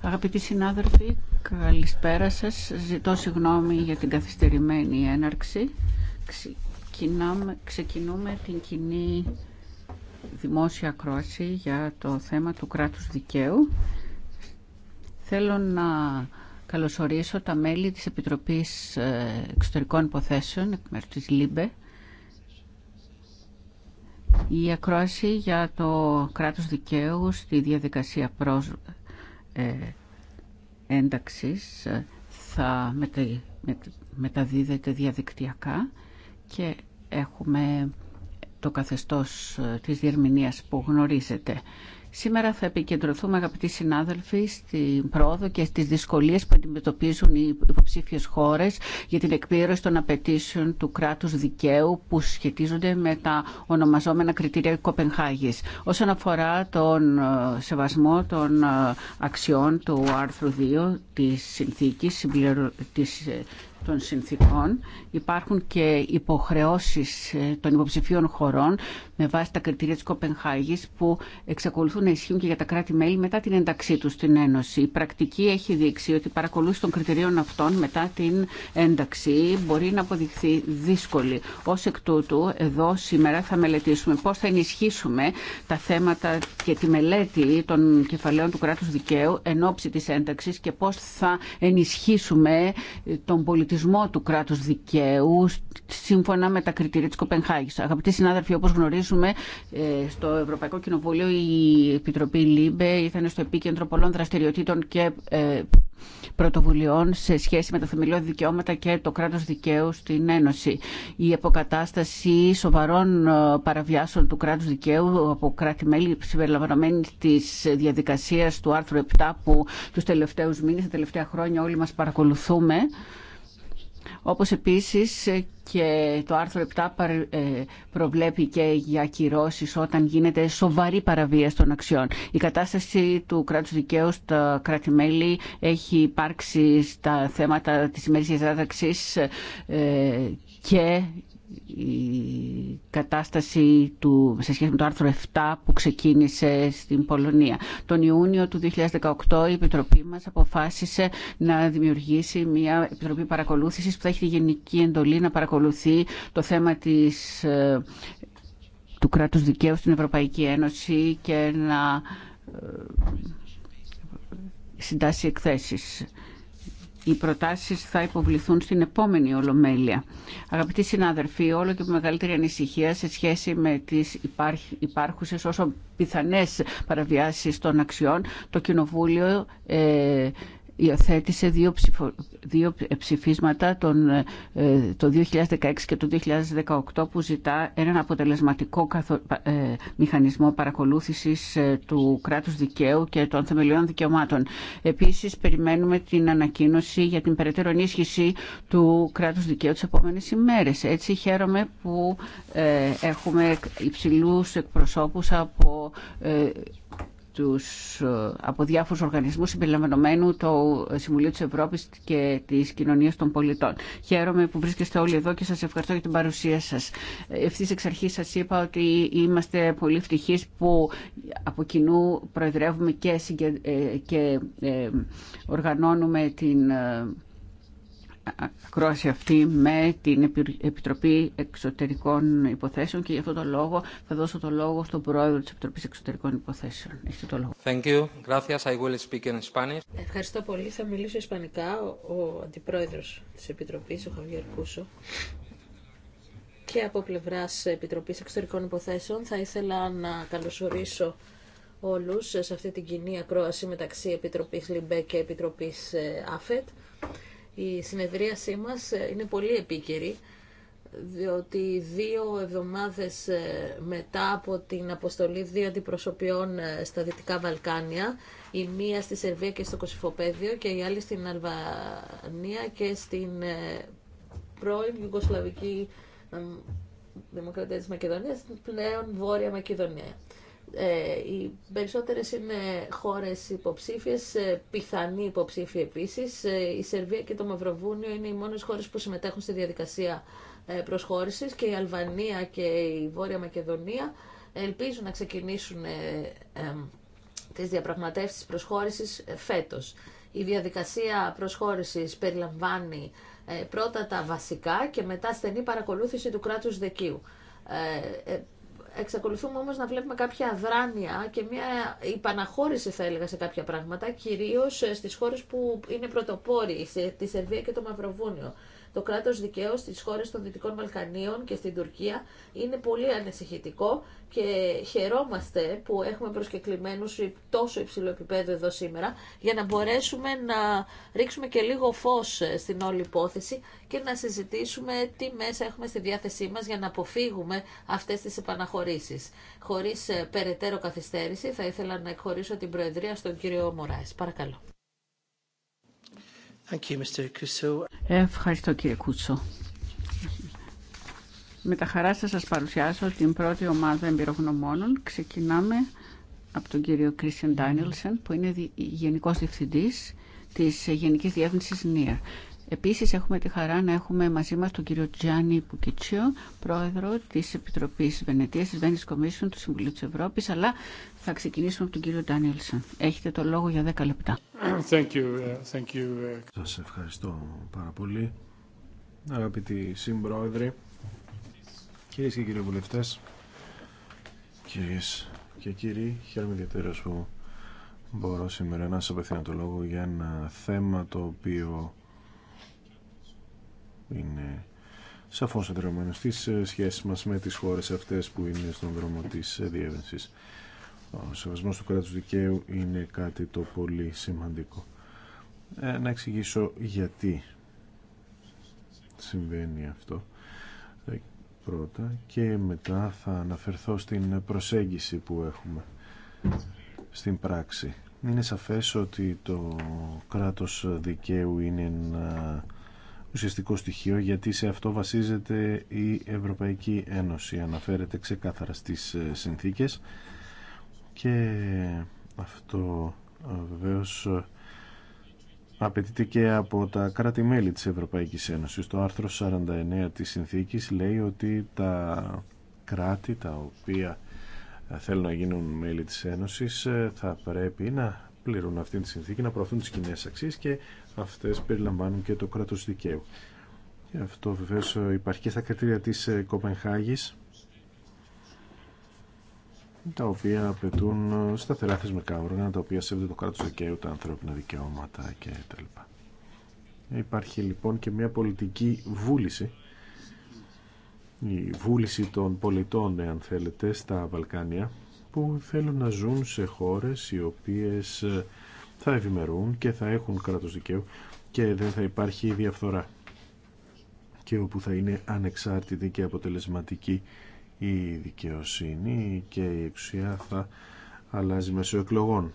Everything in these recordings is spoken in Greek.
Αγαπητοί συνάδελφοι, καλησπέρα σας. Ζητώ συγγνώμη για την καθυστερημένη έναρξη. Ξεκινάμε, ξεκινούμε την κοινή δημόσια κρόση για το θέμα του κράτους δικαίου. Θέλω να καλωσορίσω τα μέλη της Επιτροπής ε, Εξωτερικών Υποθέσεων εκ μέρους της ΛΥΜΠΕ η ακρόαση για το κράτος δικαίου στη διαδικασία προς, ε, ε, θα μετα, μεταδίδεται διαδικτυακά και έχουμε το καθεστώς ε, της διερμηνίας που γνωρίζετε. Σήμερα θα επικεντρωθούμε, αγαπητοί συνάδελφοι, στην πρόοδο και στι δυσκολίε που αντιμετωπίζουν οι υποψήφιε χώρε για την εκπλήρωση των απαιτήσεων του κράτου δικαίου που σχετίζονται με τα ονομαζόμενα κριτήρια Κοπενχάγη. Όσον αφορά τον ε, σεβασμό των ε, αξιών του άρθρου 2 τη συνθήκη των συνθήκων υπάρχουν και υποχρεώσεις ε, των υποψηφίων χωρών με βάση τα κριτήρια τη Κοπενχάγης που εξακολουθούν να ισχύουν και για τα κράτη-μέλη μετά την ένταξή του στην Ένωση. Η πρακτική έχει δείξει ότι η παρακολούθηση των κριτηρίων αυτών μετά την ένταξη μπορεί να αποδειχθεί δύσκολη. Ω εκ τούτου, εδώ σήμερα θα μελετήσουμε πώ θα ενισχύσουμε τα θέματα και τη μελέτη των κεφαλαίων του κράτου δικαίου εν ώψη της ένταξης και πώ θα ενισχύσουμε τον πολιτισμό του κράτου δικαίου σύμφωνα με τα κριτήρια τη Κοπενχάγη. Αγαπητοί συνάδελφοι, όπω γνωρίζετε, θυμίσουμε, ε, στο Ευρωπαϊκό Κοινοβούλιο η Επιτροπή ΛΥΜΠΕ ήταν στο επίκεντρο πολλών δραστηριοτήτων και ε, πρωτοβουλειών σε σχέση με τα θεμελιώδη δικαιώματα και το κράτος δικαίου στην Ένωση. Η αποκατάσταση σοβαρών ε, παραβιάσεων του κράτους δικαίου από κράτη-μέλη συμπεριλαμβανομένη της διαδικασίας του άρθρου 7 που τους τελευταίους μήνες, τα τελευταία χρόνια όλοι μας παρακολουθούμε όπως επίσης και το άρθρο 7 ε, προβλέπει και για κυρώσεις όταν γίνεται σοβαρή παραβίαση των αξιών. Η κατάσταση του κράτους δικαίου στα κράτη-μέλη έχει υπάρξει στα θέματα της ημερήσιας δάταξης ε, και η κατάσταση του, σε σχέση με το άρθρο 7 που ξεκίνησε στην Πολωνία. Τον Ιούνιο του 2018 η Επιτροπή μας αποφάσισε να δημιουργήσει μια Επιτροπή Παρακολούθησης που θα έχει τη γενική εντολή να παρακολουθεί το θέμα της, ε, του κράτους δικαίου στην Ευρωπαϊκή Ένωση και να ε, συντάσσει εκθέσεις οι προτάσεις θα υποβληθούν στην επόμενη Ολομέλεια. Αγαπητοί συνάδελφοι, όλο και με μεγαλύτερη ανησυχία σε σχέση με τις υπάρχουσες όσο πιθανές παραβιάσεις των αξιών, το Κοινοβούλιο ε, υιοθέτησε δύο, ψηφο, ψηφίσματα τον, ε, το 2016 και το 2018 που ζητά έναν αποτελεσματικό καθο, ε, μηχανισμό παρακολούθησης ε, του κράτους δικαίου και των θεμελιών δικαιωμάτων. Επίσης, περιμένουμε την ανακοίνωση για την περαιτέρω ενίσχυση του κράτους δικαίου τις επόμενες ημέρες. Έτσι, χαίρομαι που έχουμε υψηλούς εκπροσώπους από τους, ε, από διάφορους οργανισμούς συμπεριλαμβανομένου το Συμβουλίο της Ευρώπης και της Κοινωνίας των Πολιτών. Χαίρομαι που βρίσκεστε όλοι εδώ και σας ευχαριστώ για την παρουσία σας. Ευθύς εξ αρχής σας είπα ότι είμαστε πολύ ευτυχείς που από κοινού προεδρεύουμε και, ε, και ε, οργανώνουμε την ακρόαση αυτή με την Επιτροπή Εξωτερικών Υποθέσεων και γι' αυτό το λόγο θα δώσω το λόγο στον Πρόεδρο της Επιτροπής Εξωτερικών Υποθέσεων. Έχετε το λόγο. Thank you. Gracias. I will speak in Spanish. Ευχαριστώ πολύ. Θα μιλήσω ισπανικά ο, ο Αντιπρόεδρος της Επιτροπής, ο Χαβιέρ Κούσο. Και από πλευράς Επιτροπής Εξωτερικών Υποθέσεων θα ήθελα να καλωσορίσω όλους σε αυτή την κοινή ακρόαση μεταξύ Επιτροπής Λιμπέ και Επιτροπής ε, ΑΦΕΤ η συνεδρίασή μας ε, είναι πολύ επίκαιρη, διότι δύο εβδομάδες ε, μετά από την αποστολή δύο αντιπροσωπιών ε, στα Δυτικά Βαλκάνια, η μία στη Σερβία και στο Κωσυφοπέδιο και η άλλη στην Αλβανία και στην πρώην Ιουγκοσλαβική Δημοκρατία της Μακεδονίας, πλέον Βόρεια Μακεδονία. Ε, οι περισσότερες είναι χώρες υποψήφιες, ε, πιθανή υποψήφια επίσης. Ε, η Σερβία και το Μαυροβούνιο είναι οι μόνες χώρες που συμμετέχουν στη διαδικασία προσχώρησης και η Αλβανία και η Βόρεια Μακεδονία ελπίζουν να ξεκινήσουν τις διαπραγματεύσεις προσχώρησης φέτος. Η διαδικασία προσχώρησης περιλαμβάνει πρώτα τα βασικά και μετά στενή παρακολούθηση του κράτους ε, Εξακολουθούμε όμως να βλέπουμε κάποια αδράνεια και μια υπαναχώρηση θα έλεγα σε κάποια πράγματα, κυρίως ε, στις χώρες που είναι πρωτοπόροι, τη Σερβία και το Μαυροβούνιο το κράτος δικαίου στις χώρες των Δυτικών Βαλκανίων και στην Τουρκία είναι πολύ ανησυχητικό και χαιρόμαστε που έχουμε προσκεκλημένους τόσο υψηλό επίπεδο εδώ σήμερα για να μπορέσουμε να ρίξουμε και λίγο φως ε, στην όλη υπόθεση και να συζητήσουμε τι μέσα έχουμε στη διάθεσή μας για να αποφύγουμε αυτές τις επαναχωρήσεις. Χωρίς ε, περαιτέρω καθυστέρηση θα ήθελα να εκχωρήσω την Προεδρία στον κύριο Μωράης. Παρακαλώ. Ευχαριστώ κύριε Κούτσο. Με τα χαρά σας σας παρουσιάσω την πρώτη ομάδα εμπειρογνωμόνων. Ξεκινάμε από τον κύριο Κρίστιαν Ντάνιλσεν που είναι Γενικός Διευθυντής της Γενικής Διεύθυνσης ΝΙΑ. Επίσης έχουμε τη χαρά να έχουμε μαζί μας τον κύριο Τζάνι Πουκιτσίο, πρόεδρο της Επιτροπής Βενετίας της Venice Commission του Συμβουλίου της Ευρώπης, αλλά θα ξεκινήσουμε από τον κύριο Ντάνιελσον. Έχετε το λόγο για 10 λεπτά. Thank you. Uh, thank you. Uh, σας ευχαριστώ πάρα πολύ, αγαπητοί συμπρόεδροι, κυρίες και κύριοι βουλευτές, κυρίες και κύριοι, χαίρομαι ιδιαίτερα που μπορώ σήμερα να σας απευθύνω το λόγο για ένα θέμα το οποίο είναι σαφώς εντρεωμένος στις ε, σχέσεις μας με τις χώρες αυτές που είναι στον δρόμο της ε, διεύρυνσης. Ο σεβασμός του κράτους δικαίου είναι κάτι το πολύ σημαντικό. Ε, να εξηγήσω γιατί συμβαίνει αυτό ε, πρώτα και μετά θα αναφερθώ στην προσέγγιση που έχουμε στην πράξη. Είναι σαφές ότι το κράτος δικαίου είναι ένα ουσιαστικό στοιχείο γιατί σε αυτό βασίζεται η Ευρωπαϊκή Ένωση. Αναφέρεται ξεκάθαρα στις ε, συνθήκες και αυτό ε, βεβαίως απαιτείται και από τα κράτη-μέλη της Ευρωπαϊκής Ένωσης. Το άρθρο 49 της συνθήκης λέει ότι τα κράτη τα οποία ε, θέλουν να γίνουν μέλη της Ένωσης θα πρέπει να πληρούν αυτή τη συνθήκη, να προωθούν τις κοινέ αξίες και αυτές περιλαμβάνουν και το κράτος δικαίου. Και αυτό βεβαίως ε, υπάρχει και στα κριτήρια της ε, Κοπενχάγης τα οποία απαιτούν ε, σταθερά θεσμικά όργανα, τα οποία σέβονται το κράτος δικαίου, τα ανθρώπινα δικαιώματα κτλ. Υπάρχει λοιπόν και μια πολιτική βούληση, η βούληση των πολιτών, αν θέλετε, στα Βαλκάνια, που θέλουν να ζουν σε χώρες οι οποίες θα ευημερούν και θα έχουν κράτος δικαίου και δεν θα υπάρχει διαφθορά και όπου θα είναι ανεξάρτητη και αποτελεσματική η δικαιοσύνη και η εξουσία θα αλλάζει μέσω εκλογών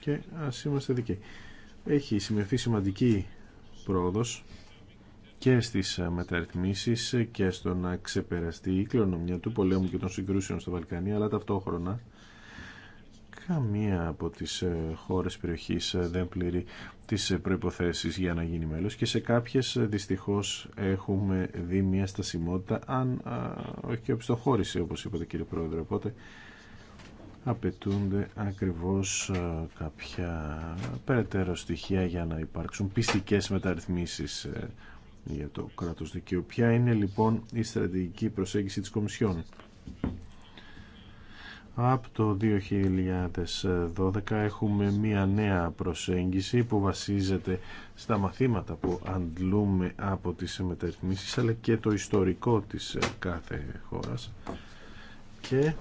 και ας είμαστε δικαίοι έχει σημειωθεί σημαντική πρόοδος και στις μεταρρυθμίσεις και στο να ξεπεραστεί η κληρονομιά του πολέμου και των συγκρούσεων στο Βαλκάνια αλλά ταυτόχρονα καμία από τις ε, χώρες περιοχής ε, δεν πληρεί τις ε, προϋποθέσεις για να γίνει μέλος και σε κάποιες δυστυχώς έχουμε δει μια στασιμότητα αν όχι και οπισθοχώρηση όπως είπατε κύριε Πρόεδρε οπότε απαιτούνται ακριβώς κάποια περαιτέρω στοιχεία για να υπάρξουν πιστικές μεταρρυθμίσεις για το κράτος δικαίου. Ποια είναι λοιπόν η στρατηγική προσέγγιση της Κομισιόν. Από το 2012 έχουμε μία νέα προσέγγιση που βασίζεται στα μαθήματα που αντλούμε από τις μεταρρυθμίσεις αλλά και το ιστορικό της ε, κάθε χώρας και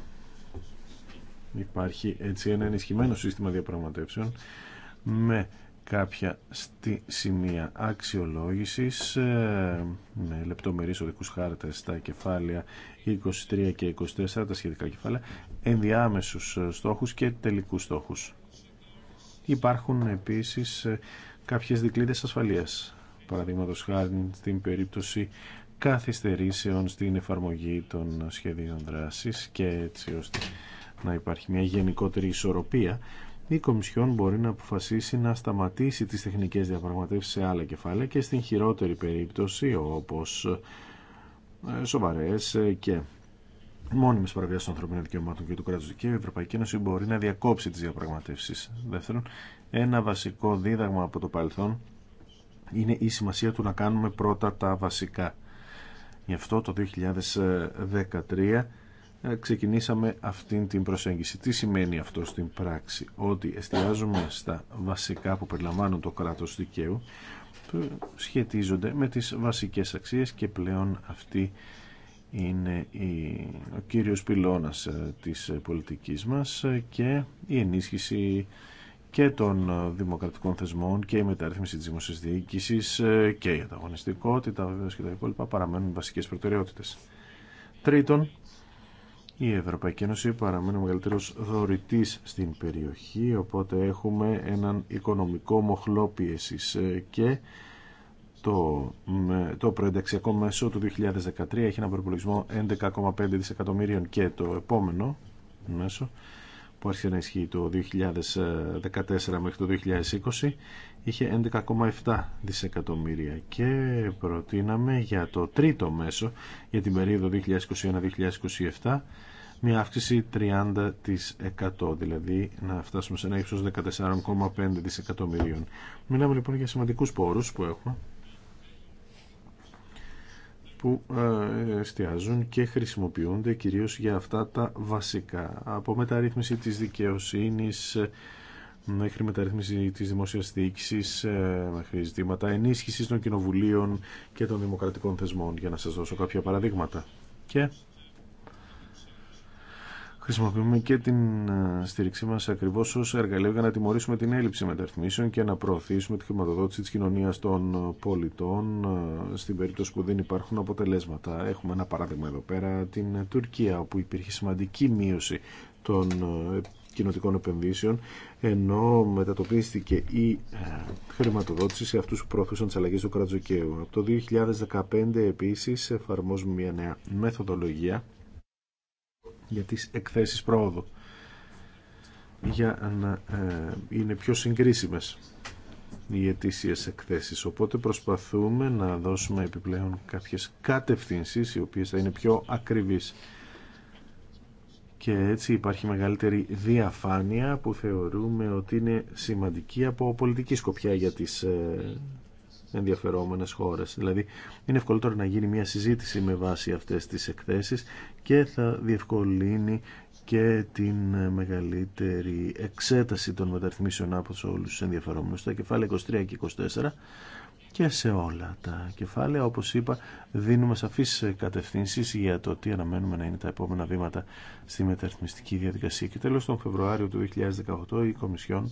υπάρχει έτσι ένα ενισχυμένο σύστημα διαπραγματεύσεων με κάποια στη σημεία αξιολόγησης ε, με λεπτομερείς οδικούς χάρτες στα κεφάλαια 23 και 24, τα σχετικά κεφάλαια, ενδιάμεσους ε, στόχους και τελικούς στόχους. Υπάρχουν επίσης ε, κάποιες δικλείδες ασφαλείας, παραδείγματο χάρη στην περίπτωση καθυστερήσεων στην εφαρμογή των σχεδίων δράσης και έτσι ώστε να υπάρχει μια γενικότερη ισορροπία η Κομισιόν μπορεί να αποφασίσει να σταματήσει τις τεχνικές διαπραγματεύσεις σε άλλα κεφάλαια και στην χειρότερη περίπτωση όπως ε, σοβαρές και μόνιμες παραβιάσεις των ανθρωπίνων δικαιωμάτων και του κράτους δικαίου η Ευρωπαϊκή Ένωση μπορεί να διακόψει τις διαπραγματεύσεις. Δεύτερον, ένα βασικό δίδαγμα από το παρελθόν είναι η σημασία του να κάνουμε πρώτα τα βασικά. Γι' αυτό το 2013 ε, ξεκινήσαμε αυτήν την προσέγγιση. Τι σημαίνει αυτό στην πράξη, ότι εστιάζουμε στα βασικά που περιλαμβάνουν το κράτος δικαίου, που σχετίζονται με τις βασικές αξίες και πλέον αυτή είναι ο κύριος πυλώνας ε, της πολιτικής μας ε, και η ενίσχυση και των δημοκρατικών θεσμών και η μεταρρύθμιση της δημοσίας και η ανταγωνιστικότητα βεβαίως και τα υπόλοιπα παραμένουν βασικές προτεραιότητες. Τρίτον, η Ευρωπαϊκή Ένωση παραμένει ο μεγαλύτερος δωρητής στην περιοχή, οπότε έχουμε έναν οικονομικό μοχλό πίεση ε, και το, το προενταξιακό μέσο του 2013 έχει έναν προπολογισμό 11,5 δισεκατομμύριων και το επόμενο μέσο που άρχισε να ισχύει το 2014 μέχρι το 2020 είχε 11,7 δισεκατομμύρια και προτείναμε για το τρίτο μέσο για την περίοδο 2021-2027 μια αύξηση 30% δηλαδή να φτάσουμε σε ένα ύψος 14,5 δισεκατομμυρίων. Μιλάμε λοιπόν για σημαντικούς πόρους που έχουμε που ε, εστιάζουν και χρησιμοποιούνται κυρίως για αυτά τα βασικά. Από μεταρρύθμιση της δικαιοσύνης μέχρι μεταρρύθμιση της δημόσιας διοίκησης ε, μέχρι ζητήματα ενίσχυσης των κοινοβουλίων και των δημοκρατικών θεσμών για να σας δώσω κάποια παραδείγματα. Και Χρησιμοποιούμε και την ε, στήριξή μα ακριβώ ω εργαλείο για να τιμωρήσουμε την έλλειψη μεταρρυθμίσεων και να προωθήσουμε τη χρηματοδότηση τη κοινωνία των ε, πολιτών ε, στην περίπτωση που δεν υπάρχουν αποτελέσματα. Έχουμε ένα παράδειγμα εδώ πέρα, την Τουρκία, όπου υπήρχε σημαντική μείωση των κοινοτικών επενδύσεων, ενώ μετατοπίστηκε η χρηματοδότηση σε αυτού που προωθούσαν τι αλλαγέ του κρατζοκαίου. Από το 2015 επίση, εφαρμόζουμε μια νέα μεθοδολογία για τις εκθέσεις πρόοδου για να ε, είναι πιο συγκρίσιμες οι αιτήσιε εκθέσεις. Οπότε προσπαθούμε να δώσουμε επιπλέον κάποιες κατευθύνσεις οι οποίες θα είναι πιο ακριβείς. Και έτσι υπάρχει μεγαλύτερη διαφάνεια που θεωρούμε ότι είναι σημαντική από πολιτική σκοπιά για τις ε, Ενδιαφερόμενε χώρες. Δηλαδή είναι ευκολότερο να γίνει μια συζήτηση με βάση αυτές τις εκθέσει και θα διευκολύνει και την μεγαλύτερη εξέταση των μεταρρυθμίσεων από όλου του ενδιαφερόμενους στα κεφάλαια 23 και 24 και σε όλα τα κεφάλαια. Όπως είπα, δίνουμε σαφείς κατευθύνσεις για το τι αναμένουμε να είναι τα επόμενα βήματα στη μεταρρυθμιστική διαδικασία. Και τέλος, τον Φεβρουάριο του 2018 η Κομισιόν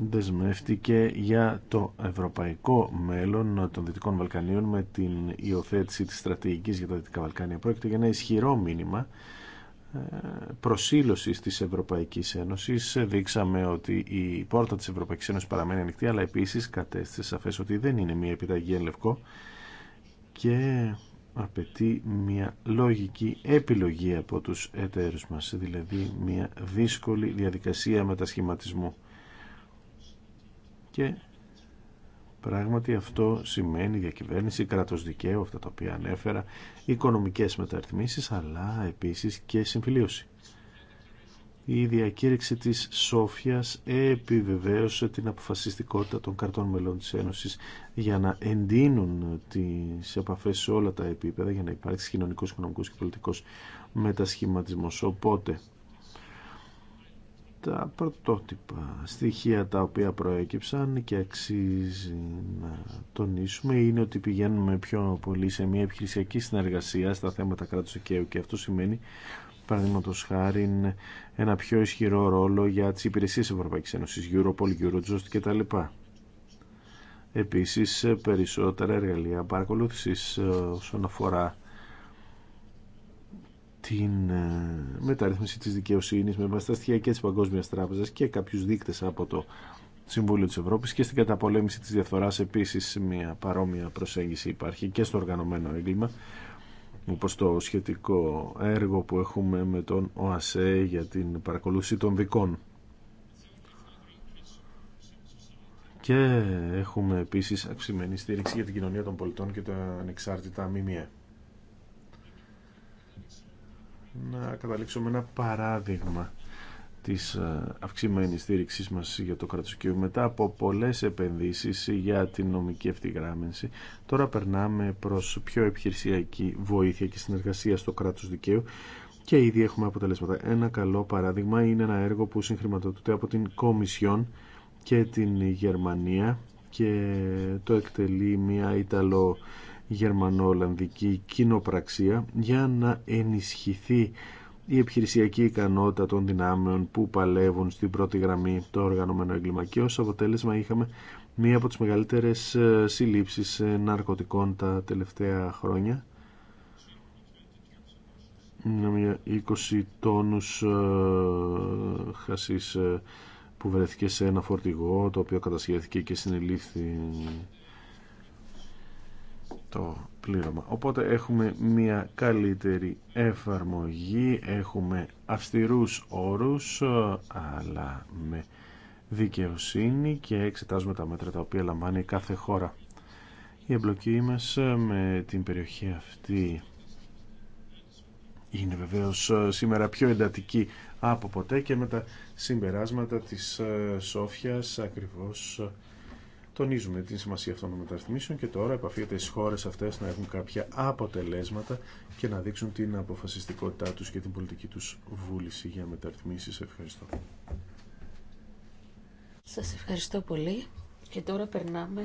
δεσμεύτηκε για το ευρωπαϊκό μέλλον των Δυτικών Βαλκανίων με την υιοθέτηση της στρατηγικής για τα Δυτικά Βαλκάνια. Πρόκειται για ένα ισχυρό μήνυμα ε, προσήλωσης της Ευρωπαϊκής Ένωσης. Δείξαμε ότι η πόρτα της Ευρωπαϊκής Ένωσης παραμένει ανοιχτή, αλλά επίσης κατέστησε σαφές ότι δεν είναι μια επιταγή εν λευκό και απαιτεί μια λογική επιλογή από τους εταίρους μας, δηλαδή μια δύσκολη διαδικασία μετασχηματισμού και πράγματι αυτό σημαίνει διακυβέρνηση, κράτος δικαίου, αυτά τα οποία ανέφερα, οικονομικές μεταρρυθμίσεις, αλλά επίσης και συμφιλίωση. Η διακήρυξη της Σόφιας επιβεβαίωσε την αποφασιστικότητα των καρτών μελών της Ένωσης για να εντείνουν τις επαφές σε όλα τα επίπεδα για να υπάρξει κοινωνικός, οικονομικός και πολιτικός μετασχηματισμός. Οπότε τα πρωτότυπα στοιχεία τα οποία προέκυψαν και αξίζει να τονίσουμε είναι ότι πηγαίνουμε πιο πολύ σε μια επιχειρησιακή συνεργασία στα θέματα κράτους δικαίου και αυτό σημαίνει παραδείγματο χάρη ένα πιο ισχυρό ρόλο για τις υπηρεσίες Ευρωπαϊκής Ένωσης, Europol, Eurojust κτλ. Επίσης περισσότερα εργαλεία παρακολούθησης ε, όσον αφορά την ε, μεταρρύθμιση της δικαιοσύνης με βάση και της Παγκόσμιας Τράπεζας και κάποιους δείκτες από το Συμβούλιο της Ευρώπης και στην καταπολέμηση της διαφθοράς επίσης μια παρόμοια προσέγγιση υπάρχει και στο οργανωμένο έγκλημα όπως το σχετικό έργο που έχουμε με τον ΟΑΣΕ για την παρακολούθηση των δικών. Και έχουμε επίσης αυξημένη στήριξη για την κοινωνία των πολιτών και τα ανεξάρτητα ΜΜΕ να καταλήξουμε ένα παράδειγμα της ε, αυξημένης στήριξής μας για το κράτος και μετά από πολλές επενδύσεις για την νομική ευθυγράμμιση τώρα περνάμε προς πιο επιχειρησιακή βοήθεια και συνεργασία στο κράτος δικαίου και ήδη έχουμε αποτελέσματα. Ένα καλό παράδειγμα είναι ένα έργο που συγχρηματοδοτείται από την Κομισιόν και την Γερμανία και το εκτελεί μια Ιταλο γερμανο-ολλανδική κοινοπραξία για να ενισχυθεί η επιχειρησιακή ικανότητα των δυνάμεων που παλεύουν στην πρώτη γραμμή το οργανωμένο έγκλημα και ως αποτέλεσμα είχαμε μία από τις μεγαλύτερες ε, συλλήψεις ε, ναρκωτικών τα τελευταία χρόνια Μία 20 τόνους ε, χασίς που βρέθηκε σε ένα φορτηγό το οποίο κατασχέθηκε και συνελήφθη το πλήρωμα. Οπότε έχουμε μια καλύτερη εφαρμογή, έχουμε αυστηρούς όρους, αλλά με δικαιοσύνη και εξετάζουμε τα μέτρα τα οποία λαμβάνει κάθε χώρα. Η εμπλοκή μας με την περιοχή αυτή είναι βεβαίως σήμερα πιο εντατική από ποτέ και με τα συμπεράσματα της Σόφιας ακριβώς τονίζουμε την σημασία αυτών των μεταρρυθμίσεων και τώρα επαφείται στι χώρε αυτές να έχουν κάποια αποτελέσματα και να δείξουν την αποφασιστικότητά τους και την πολιτική τους βούληση για μεταρρυθμίσεις. Ευχαριστώ. Σας ευχαριστώ πολύ και τώρα περνάμε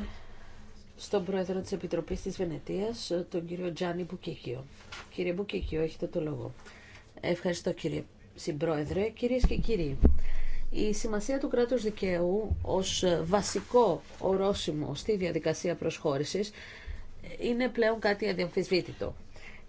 στον Πρόεδρο της Επιτροπής της Βενετίας, τον κύριο Τζάνι Μπουκίκιο. Κύριε Μπουκίκιο, έχετε το λόγο. Ευχαριστώ κύριε Συμπρόεδρε, Κυρίε και κύριοι. Η σημασία του κράτους δικαίου ως βασικό ορόσημο στη διαδικασία προσχώρησης είναι πλέον κάτι αδιαμφισβήτητο.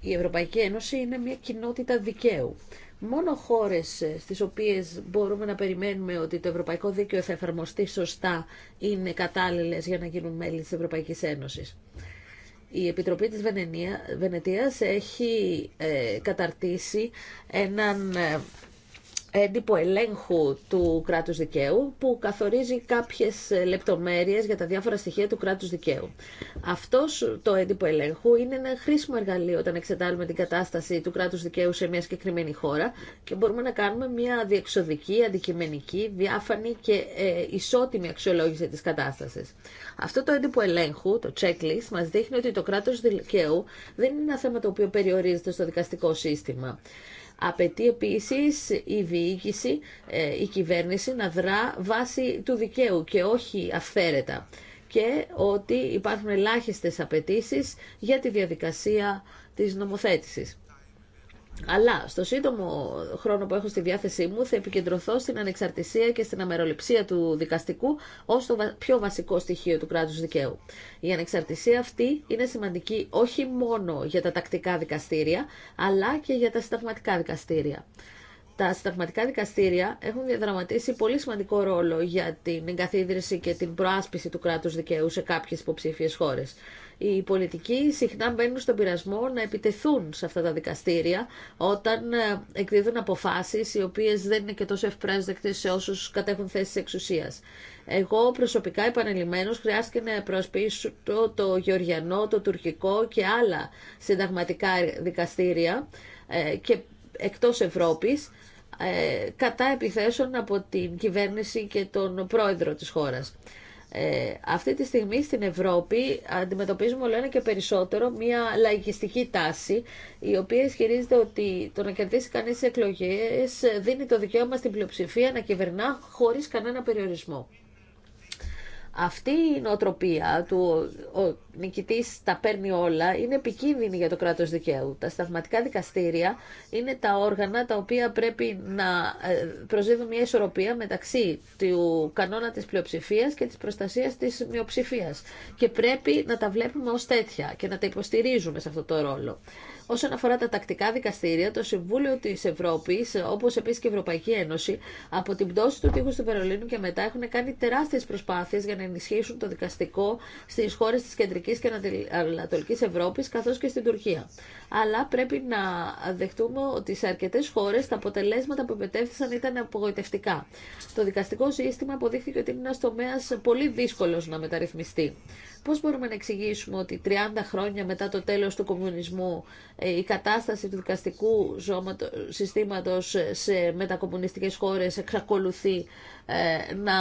Η Ευρωπαϊκή Ένωση είναι μια κοινότητα δικαίου. Μόνο χώρες στις οποίες μπορούμε να περιμένουμε ότι το ευρωπαϊκό δίκαιο θα εφαρμοστεί σωστά είναι κατάλληλες για να γίνουν μέλη της Ευρωπαϊκής Ένωσης. Η Επιτροπή της Βενετίας έχει ε, καταρτήσει έναν ε, έντυπο ελέγχου του κράτους δικαίου που καθορίζει κάποιες λεπτομέρειες για τα διάφορα στοιχεία του κράτους δικαίου. Αυτός το έντυπο ελέγχου είναι ένα χρήσιμο εργαλείο όταν εξετάζουμε την κατάσταση του κράτους δικαίου σε μια συγκεκριμένη χώρα και μπορούμε να κάνουμε μια διεξοδική, αντικειμενική, διάφανη και ε, ισότιμη αξιολόγηση της κατάστασης. Αυτό το έντυπο ελέγχου, το checklist, μας δείχνει ότι το κράτος δικαίου δεν είναι ένα θέμα το οποίο περιορίζεται στο δικαστικό σύστημα. Απαιτεί επίση η διοίκηση, ε, η κυβέρνηση να δρά βάσει του δικαίου και όχι αυθαίρετα και ότι υπάρχουν ελάχιστες απαιτήσει για τη διαδικασία της νομοθέτησης. Αλλά στο σύντομο χρόνο που έχω στη διάθεσή μου θα επικεντρωθώ στην ανεξαρτησία και στην αμεροληψία του δικαστικού ως το πιο βασικό στοιχείο του κράτους δικαίου. Η ανεξαρτησία αυτή είναι σημαντική όχι μόνο για τα τακτικά δικαστήρια, αλλά και για τα συνταγματικά δικαστήρια. Τα συνταγματικά δικαστήρια έχουν διαδραματίσει πολύ σημαντικό ρόλο για την εγκαθίδρυση και την προάσπιση του κράτους δικαίου σε κάποιες υποψήφιες χώρες οι πολιτικοί συχνά μπαίνουν στον πειρασμό να επιτεθούν σε αυτά τα δικαστήρια όταν ε, εκδίδουν αποφάσεις οι οποίες δεν είναι και τόσο ευπράσδεκτες σε όσους κατέχουν θέσεις εξουσίας. Εγώ προσωπικά επανελειμμένος χρειάστηκε να προσπίσω το, το γεωργιανό, το τουρκικό και άλλα συνταγματικά δικαστήρια ε, και εκτός Ευρώπης ε, κατά επιθέσεων από την κυβέρνηση και τον πρόεδρο της χώρας. Ε, αυτή τη στιγμή στην Ευρώπη αντιμετωπίζουμε όλο ένα και περισσότερο μια λαϊκιστική τάση η οποία ισχυρίζεται ότι το να κερδίσει κανείς τις εκλογές δίνει το δικαίωμα στην πλειοψηφία να κυβερνά χωρίς κανένα περιορισμό. Αυτή η νοοτροπία του ο νικητής τα παίρνει όλα είναι επικίνδυνη για το κράτος δικαίου. Τα σταυματικά δικαστήρια είναι τα όργανα τα οποία πρέπει να ε, προσδίδουν μια ισορροπία μεταξύ του κανόνα της πλειοψηφίας και της προστασία της μειοψηφία. Και πρέπει να τα βλέπουμε ω τέτοια και να τα υποστηρίζουμε σε αυτό το ρόλο. Όσον αφορά τα τακτικά δικαστήρια, το Συμβούλιο τη Ευρώπη, όπω επίση και η Ευρωπαϊκή Ένωση, από την πτώση του τείχου του Βερολίνου και μετά έχουν κάνει τεράστιε προσπάθειε για να ενισχύσουν το δικαστικό στι χώρε τη Κεντρική και Ανατολική Ευρώπη, καθώ και στην Τουρκία. Αλλά πρέπει να δεχτούμε ότι σε αρκετέ χώρε τα αποτελέσματα που επετέφθησαν ήταν απογοητευτικά. Το δικαστικό σύστημα αποδείχθηκε ότι είναι ένα τομέα πολύ δύσκολο να μεταρρυθμιστεί. Πώς μπορούμε να εξηγήσουμε ότι 30 χρόνια μετά το τέλος του κομμουνισμού ε, η κατάσταση του δικαστικού συστήματος ε, σε μετακομμουνιστικές χώρες εξακολουθεί ε, να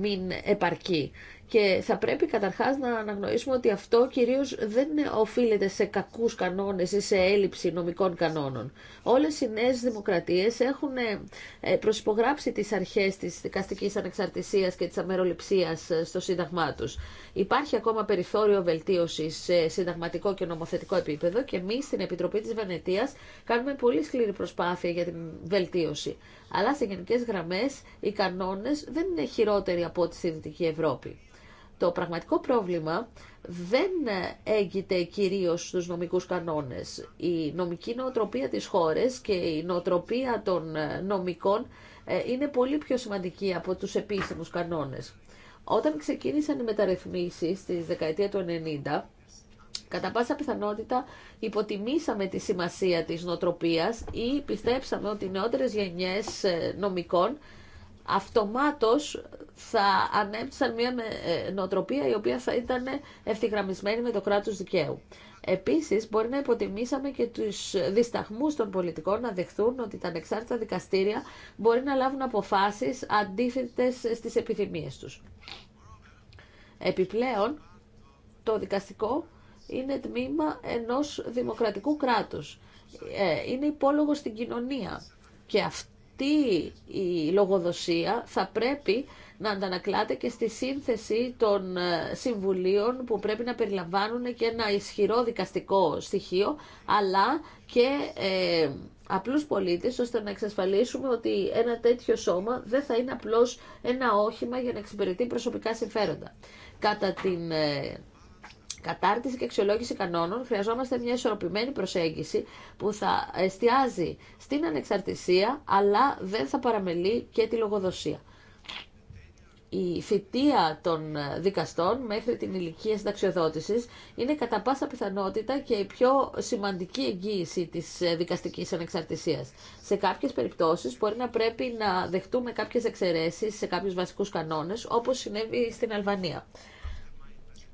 μην επαρκεί. Και θα πρέπει καταρχάς να αναγνωρίσουμε ότι αυτό κυρίως δεν οφείλεται σε κακούς κανόνες ή σε έλλειψη νομικών κανόνων. Όλες οι νέες δημοκρατίες έχουν ε, ε, προσυπογράψει τις αρχές της δικαστικής ανεξαρτησίας και της αμεροληψίας ε, στο Σύνταγμά τους. Υπάρχει ακόμα περιθώριο βελτίωσης σε συνταγματικό και νομοθετικό επίπεδο και εμεί στην Επιτροπή της Βενετίας κάνουμε πολύ σκληρή προσπάθεια για την βελτίωση. Αλλά σε γενικές γραμμές οι κανόνες δεν είναι χειρότεροι από ό,τι στη Δυτική Ευρώπη. Το πραγματικό πρόβλημα δεν έγκυται κυρίως στους νομικούς κανόνες. Η νομική νοοτροπία της χώρας και η νοοτροπία των νομικών ε, είναι πολύ πιο σημαντική από τους επίσημους κανόνες. Όταν ξεκίνησαν οι μεταρρυθμίσεις στη δεκαετία του 90, κατά πάσα πιθανότητα υποτιμήσαμε τη σημασία της νοοτροπίας ή πιστέψαμε ότι οι νεότερες γενιές ε, νομικών αυτομάτως θα ανέπτυσαν μια ε, νοοτροπία η οποία θα ήταν ευθυγραμμισμένη με το κράτος δικαίου. Επίσης, μπορεί να υποτιμήσαμε και τους δισταγμούς των πολιτικών να δεχθούν ότι τα ανεξάρτητα δικαστήρια μπορεί να λάβουν αποφάσεις αντίθετες στις επιθυμίες τους. Επιπλέον, το δικαστικό είναι τμήμα ενός δημοκρατικού κράτους. Ε, είναι υπόλογο στην κοινωνία. Και αυτό αυτή η λογοδοσία θα πρέπει να αντανακλάται και στη σύνθεση των ε, συμβουλίων που πρέπει να περιλαμβάνουν και ένα ισχυρό δικαστικό στοιχείο, αλλά και ε, απλούς πολίτες, ώστε να εξασφαλίσουμε ότι ένα τέτοιο σώμα δεν θα είναι απλώς ένα όχημα για να εξυπηρετεί προσωπικά συμφέροντα. Κατά την ε, κατάρτιση και αξιολόγηση κανόνων χρειαζόμαστε μια ισορροπημένη προσέγγιση που θα εστιάζει στην ανεξαρτησία αλλά δεν θα παραμελεί και τη λογοδοσία. Η φοιτεία των δικαστών μέχρι την ηλικία συνταξιοδότηση είναι κατά πάσα πιθανότητα και η πιο σημαντική εγγύηση τη δικαστική ανεξαρτησία. Σε κάποιε περιπτώσει μπορεί να πρέπει να δεχτούμε κάποιε εξαιρέσει σε κάποιου βασικού κανόνε, όπω συνέβη στην Αλβανία.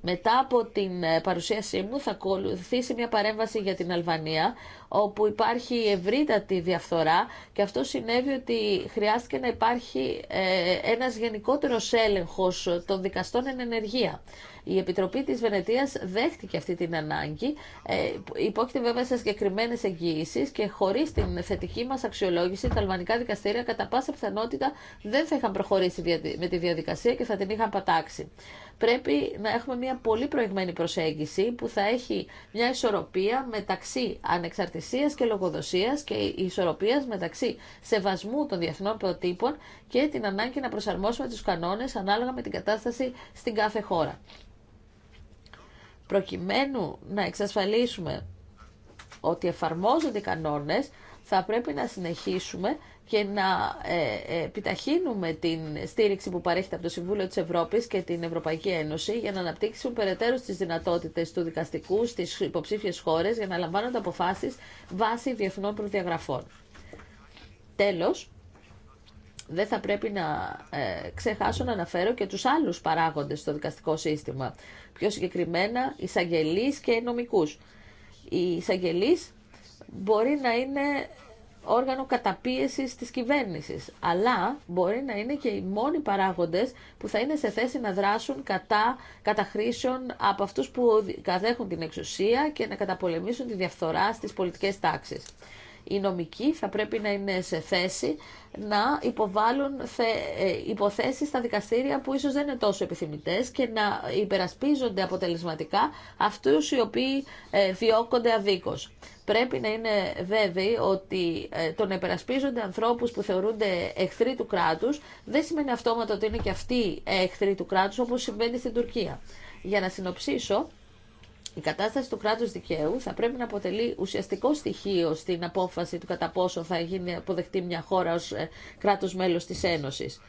Μετά από την ε, παρουσίασή μου θα ακολουθήσει μια παρέμβαση για την Αλβανία όπου υπάρχει ευρύτατη διαφθορά και αυτό συνέβη ότι χρειάστηκε να υπάρχει ε, ένας γενικότερος έλεγχος των δικαστών εν ενεργεία. Η Επιτροπή της Βενετίας δέχτηκε αυτή την ανάγκη, ε, υπόκειται βέβαια σε συγκεκριμένε εγγυήσεις και χωρίς την θετική μας αξιολόγηση τα αλβανικά δικαστήρια κατά πάσα πιθανότητα δεν θα είχαν προχωρήσει με τη διαδικασία και θα την είχαν πατάξει πρέπει να έχουμε μια πολύ προηγμένη προσέγγιση που θα έχει μια ισορροπία μεταξύ ανεξαρτησίας και λογοδοσίας και ισορροπίας μεταξύ σεβασμού των διεθνών προτύπων και την ανάγκη να προσαρμόσουμε τους κανόνες ανάλογα με την κατάσταση στην κάθε χώρα. Προκειμένου να εξασφαλίσουμε ότι εφαρμόζονται οι κανόνες, θα πρέπει να συνεχίσουμε και να ε, ε, επιταχύνουμε την στήριξη που παρέχεται από το Συμβούλιο της Ευρώπης και την Ευρωπαϊκή Ένωση για να αναπτύξουν περαιτέρω τις δυνατότητες του δικαστικού στις υποψήφιες χώρες για να λαμβάνονται αποφάσεις βάσει διεθνών προδιαγραφών. Τέλος, δεν θα πρέπει να ε, ξεχάσω να αναφέρω και τους άλλους παράγοντες στο δικαστικό σύστημα. Πιο συγκεκριμένα, εισαγγελείς και νομικούς. Οι εισαγγελείς μπορεί να είναι όργανο καταπίεσης της κυβέρνησης, αλλά μπορεί να είναι και οι μόνοι παράγοντες που θα είναι σε θέση να δράσουν κατά χρήσεων από αυτούς που κατέχουν την εξουσία και να καταπολεμήσουν τη διαφθορά στις πολιτικές τάξεις οι νομικοί θα πρέπει να είναι σε θέση να υποβάλουν ε, υποθέσεις στα δικαστήρια που ίσως δεν είναι τόσο επιθυμητές και να υπερασπίζονται αποτελεσματικά αυτούς οι οποίοι ε, διώκονται αδίκως. Πρέπει να είναι βέβαιοι ότι ε, το να υπερασπίζονται ανθρώπους που θεωρούνται εχθροί του κράτους δεν σημαίνει αυτόματα ότι είναι και αυτοί εχθροί του κράτους όπως συμβαίνει στην Τουρκία. Για να συνοψίσω, η κατάσταση του κράτους δικαίου θα πρέπει να αποτελεί ουσιαστικό στοιχείο στην απόφαση του κατά πόσο θα γίνει αποδεκτή μια χώρα ως ε, κράτος μέλος της Ένωσης.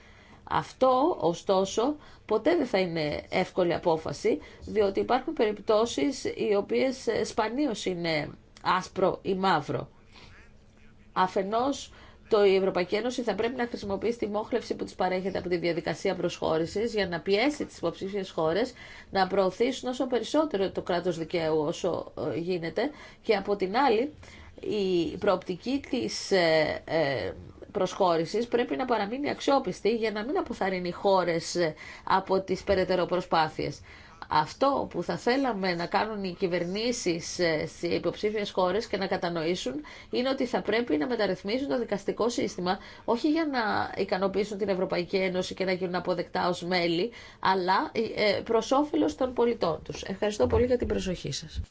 Αυτό, ωστόσο, ποτέ δεν θα είναι εύκολη απόφαση, διότι υπάρχουν περιπτώσεις οι οποίες ε, σπανίως είναι άσπρο ή μαύρο. Αφενός, το, η Ευρωπαϊκή Ένωση θα πρέπει να χρησιμοποιήσει τη μόχλευση που τη παρέχεται από τη διαδικασία προσχώρηση για να πιέσει τι υποψήφιε χώρε να προωθήσουν όσο περισσότερο το κράτο δικαίου όσο ε, γίνεται και από την άλλη η προοπτική της ε, ε, προσχώρησης πρέπει να παραμείνει αξιόπιστη για να μην αποθαρρύνει χώρε από τι περαιτέρω προσπάθειε. Αυτό που θα θέλαμε να κάνουν οι κυβερνήσεις ε, σε υποψήφιες χώρες και να κατανοήσουν είναι ότι θα πρέπει να μεταρρυθμίσουν το δικαστικό σύστημα όχι για να ικανοποιήσουν την Ευρωπαϊκή Ένωση και να γίνουν αποδεκτά ως μέλη, αλλά ε, ε, προς όφελος των πολιτών τους. Ευχαριστώ πολύ για την προσοχή σας.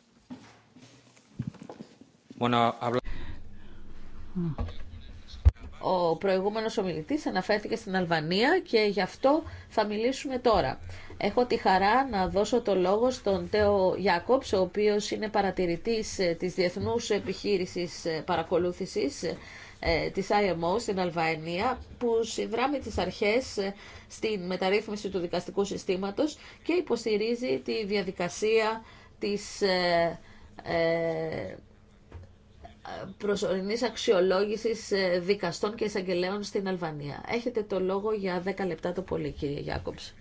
Ο προηγούμενος ομιλητής αναφέρθηκε στην Αλβανία και γι' αυτό θα μιλήσουμε τώρα. Έχω τη χαρά να δώσω το λόγο στον Τέο Γιάκοψ, ο οποίος είναι παρατηρητής ε, της Διεθνούς Επιχείρησης ε, Παρακολούθησης ε, της IMO στην Αλβανία που συνδράμει τις αρχές στην μεταρρύθμιση του δικαστικού συστήματος και υποστηρίζει τη διαδικασία της προσωρινής αξιολόγησης δικαστών και εισαγγελέων στην Αλβανία. Έχετε το λόγο για 10 λεπτά το πολύ κύριε Γιάκοψ.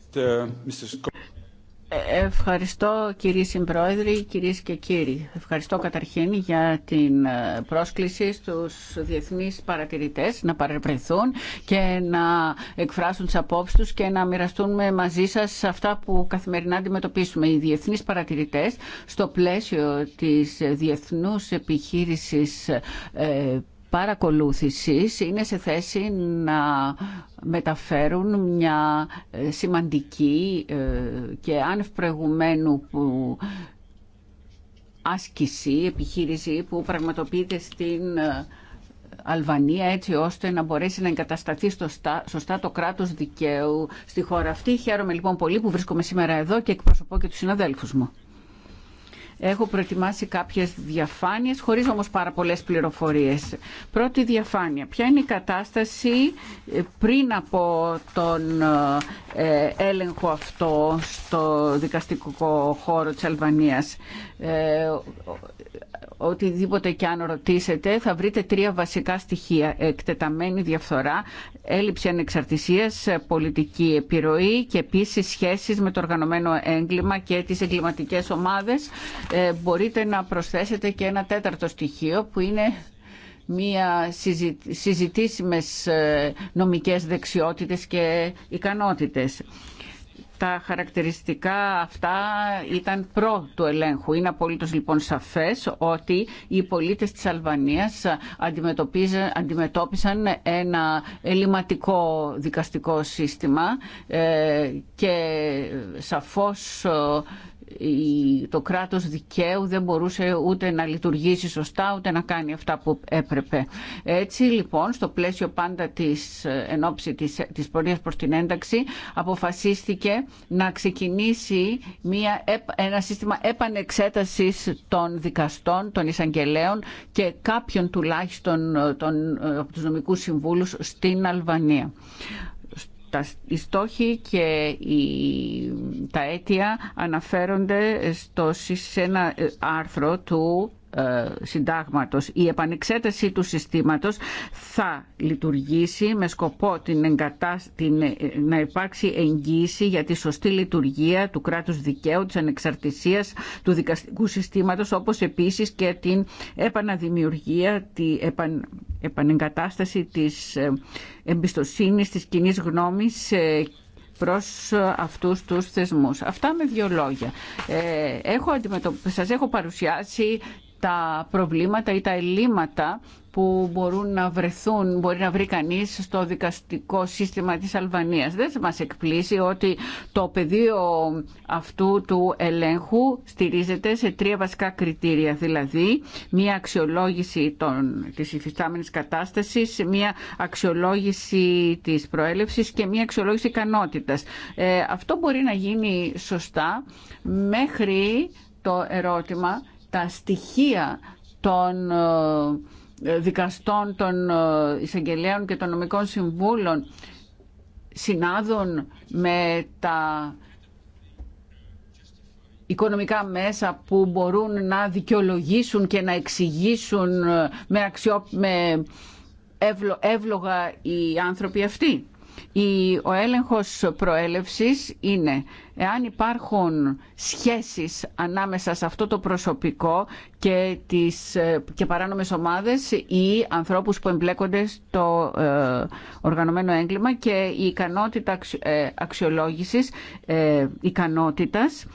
Ευχαριστώ κύριε Συμπρόεδρε, κυρίες και κύριοι. Ευχαριστώ καταρχήν για την ε, πρόσκληση στους διεθνείς παρατηρητές να παρευρεθούν και να εκφράσουν τις απόψεις τους και να μοιραστούν μαζί σας αυτά που καθημερινά αντιμετωπίσουμε. Οι διεθνείς παρατηρητές στο πλαίσιο της διεθνούς επιχείρησης ε, παρακολούθησης είναι σε θέση να μεταφέρουν μια ε, σημαντική ε, και άνευ προηγουμένου άσκηση, επιχείρηση που πραγματοποιείται στην ε, Αλβανία έτσι ώστε να μπορέσει να εγκατασταθεί σωστά, σωστά το κράτος δικαίου στη χώρα αυτή. Χαίρομαι λοιπόν πολύ που βρίσκομαι σήμερα εδώ και εκπροσωπώ και τους συναδέλφους μου. Έχω προετοιμάσει κάποιες διαφάνειες, χωρί όμω πάρα πολλέ πληροφορίες. Πρώτη διαφάνεια. Ποια είναι η κατάσταση πριν από τον ε, έλεγχο αυτό στο δικαστικό χώρο της Αλβανίας. Ε, οτιδήποτε και αν ρωτήσετε θα βρείτε τρία βασικά στοιχεία. Εκτεταμένη διαφθορά, έλλειψη ανεξαρτησίας, πολιτική επιρροή και επίσης σχέσεις με το οργανωμένο έγκλημα και τις εγκληματικές ομάδες. Ε, μπορείτε να προσθέσετε και ένα τέταρτο στοιχείο που είναι μία συζητήσιμες ε, νομικές δεξιότητες και ικανότητες τα χαρακτηριστικά αυτά ήταν προ του ελέγχου. Είναι απολύτω λοιπόν σαφές ότι οι πολίτες της Αλβανίας αντιμετώπισαν ένα ελληματικό δικαστικό σύστημα ε, και σαφώς το κράτος δικαίου δεν μπορούσε ούτε να λειτουργήσει σωστά ούτε να κάνει αυτά που έπρεπε. Έτσι λοιπόν στο πλαίσιο πάντα της ενόψη της, της πορείας προς την ένταξη αποφασίστηκε να ξεκινήσει μια, ένα σύστημα επανεξέτασης των δικαστών, των εισαγγελέων και κάποιων τουλάχιστον ε, των, ε, από τους νομικούς συμβούλους στην Αλβανία τα, οι στόχοι και οι, τα αίτια αναφέρονται στο, σε ένα ε, άρθρο του ε, συντάγματος. Η επανεξέταση του συστήματος θα λειτουργήσει με σκοπό την την... Ε, να υπάρξει εγγύηση για τη σωστή λειτουργία του κράτους δικαίου, της ανεξαρτησίας του δικαστικού συστήματος, όπως επίσης και την επαναδημιουργία, την επαν... επανεγκατάσταση της ε, εμπιστοσύνης, της κοινή γνώμης προς αυτούς τους θεσμούς. Αυτά με δύο λόγια. Ε, έχω Σας έχω παρουσιάσει τα προβλήματα ή τα ελλείμματα που μπορούν να βρεθούν, μπορεί να βρει κανείς στο δικαστικό σύστημα της Αλβανίας. Δεν μας εκπλήσει ότι το πεδίο αυτού του ελέγχου στηρίζεται σε τρία βασικά κριτήρια, δηλαδή μια αξιολόγηση των, της υφιστάμενης κατάστασης, μια αξιολόγηση της προέλευσης και μια αξιολόγηση ικανότητας. Ε, αυτό μπορεί να γίνει σωστά μέχρι το ερώτημα τα στοιχεία των ε, δικαστών, των ε, εισαγγελέων και των νομικών συμβούλων συνάδουν με τα οικονομικά μέσα που μπορούν να δικαιολογήσουν και να εξηγήσουν ε, με, με εύλογα οι άνθρωποι αυτοί. Ο έλεγχος προέλευσης είναι εάν υπάρχουν σχέσεις ανάμεσα σε αυτό το προσωπικό και, τις, ε, και παράνομες ομάδες ή ανθρώπους που εμπλέκονται στο ε, οργανωμένο έγκλημα και η ικανότητα ε, αξιολόγησης ε, ικανότητας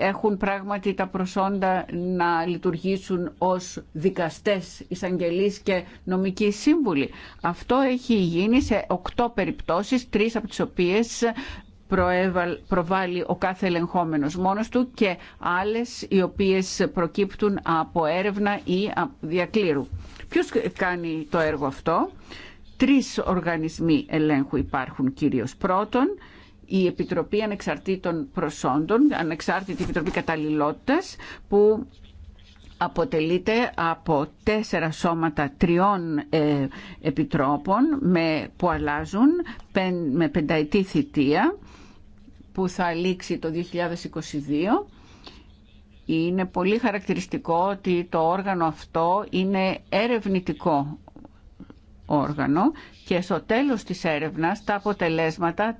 έχουν πράγματι τα προσόντα να λειτουργήσουν ως δικαστές, εισαγγελείς και νομικοί σύμβουλοι. Αυτό έχει γίνει σε οκτώ περιπτώσεις, τρεις από τις οποίες προβάλλει ο κάθε ελεγχόμενο μόνος του και άλλες οι οποίες προκύπτουν από έρευνα ή διακλήρου. Ποιος κάνει το έργο αυτό. Τρεις οργανισμοί ελέγχου υπάρχουν κυρίως πρώτον η Επιτροπή Ανεξαρτήτων Προσόντων, Ανεξάρτητη Επιτροπή Καταλληλότητας, που αποτελείται από τέσσερα σώματα τριών ε, επιτρόπων με, που αλλάζουν με πενταετή θητεία που θα λήξει το 2022. Είναι πολύ χαρακτηριστικό ότι το όργανο αυτό είναι ερευνητικό όργανο και στο τέλος της έρευνας τα αποτελέσματα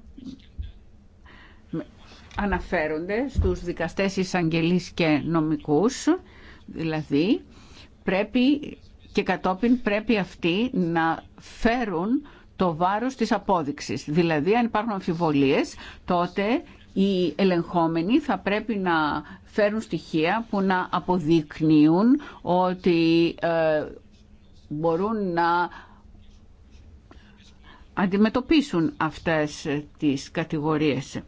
αναφέρονται στους δικαστές εισαγγελείς και νομικούς, δηλαδή πρέπει και κατόπιν πρέπει αυτοί να φέρουν το βάρος της απόδειξης. Δηλαδή αν υπάρχουν αμφιβολίες τότε οι ελεγχόμενοι θα πρέπει να φέρουν στοιχεία που να αποδεικνύουν ότι ε, μπορούν να αντιμετωπίσουν αυτές τις κατηγορίες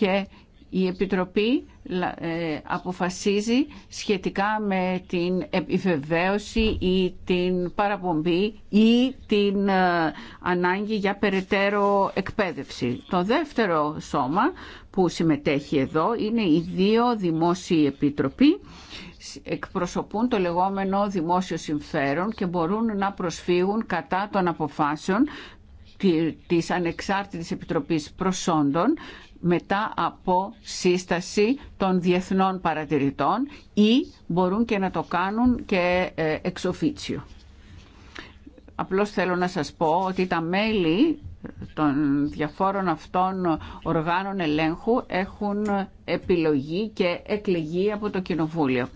και η Επιτροπή ε, αποφασίζει σχετικά με την επιβεβαίωση ή την παραπομπή ή την ε, ανάγκη για περαιτέρω εκπαίδευση. Το δεύτερο σώμα που συμμετέχει εδώ είναι οι δύο δημόσιοι επιτροποί εκπροσωπούν το λεγόμενο δημόσιο συμφέρον και μπορούν να προσφύγουν κατά των αποφάσεων της Ανεξάρτητης Επιτροπής Προσόντων μετά από σύσταση των διεθνών παρατηρητών ή μπορούν και να το κάνουν και ε, εξοφίτσιο. Απλώς θέλω να σας πω ότι τα μέλη των διαφόρων αυτών οργάνων ελέγχου έχουν επιλογή και εκλεγή από το Κοινοβούλιο.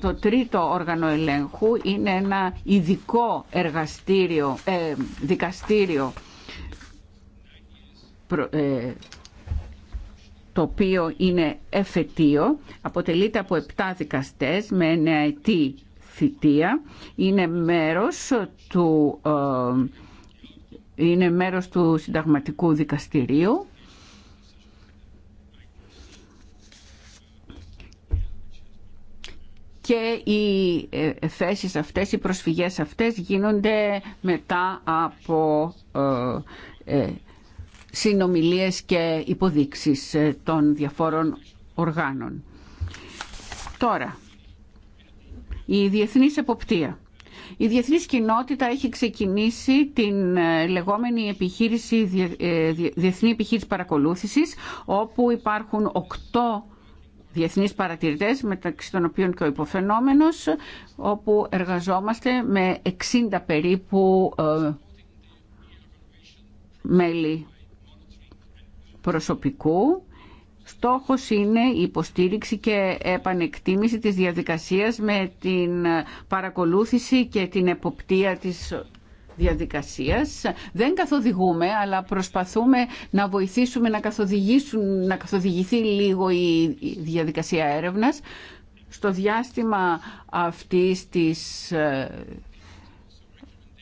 Το τρίτο όργανο ελέγχου είναι ένα ειδικό εργαστήριο, ε, δικαστήριο ε, το οποίο είναι εφετείο, αποτελείται από επτά δικαστές με 9 ετή θητεία, είναι μέρος του, ε, είναι μέρος του συνταγματικού δικαστηρίου και οι ε, θέσεις αυτές, οι προσφυγές αυτές γίνονται μετά από ε, συνομιλίες και υποδείξεις ε, των διαφόρων οργάνων. Τώρα, η διεθνής εποπτεία. Η διεθνής κοινότητα έχει ξεκινήσει την ε, λεγόμενη επιχείρηση, ε, διεθνή επιχείρηση παρακολούθησης, όπου υπάρχουν οκτώ διεθνείς παρατηρητές, μεταξύ των οποίων και ο υποφαινόμενος, όπου εργαζόμαστε με 60 περίπου μέλη προσωπικού. Στόχος είναι η υποστήριξη και επανεκτίμηση της διαδικασίας με την παρακολούθηση και την εποπτεία της διαδικασίας. Δεν καθοδηγούμε, αλλά προσπαθούμε να βοηθήσουμε να, καθοδηγήσουν, να καθοδηγηθεί λίγο η διαδικασία έρευνας. Στο διάστημα αυτής της ε,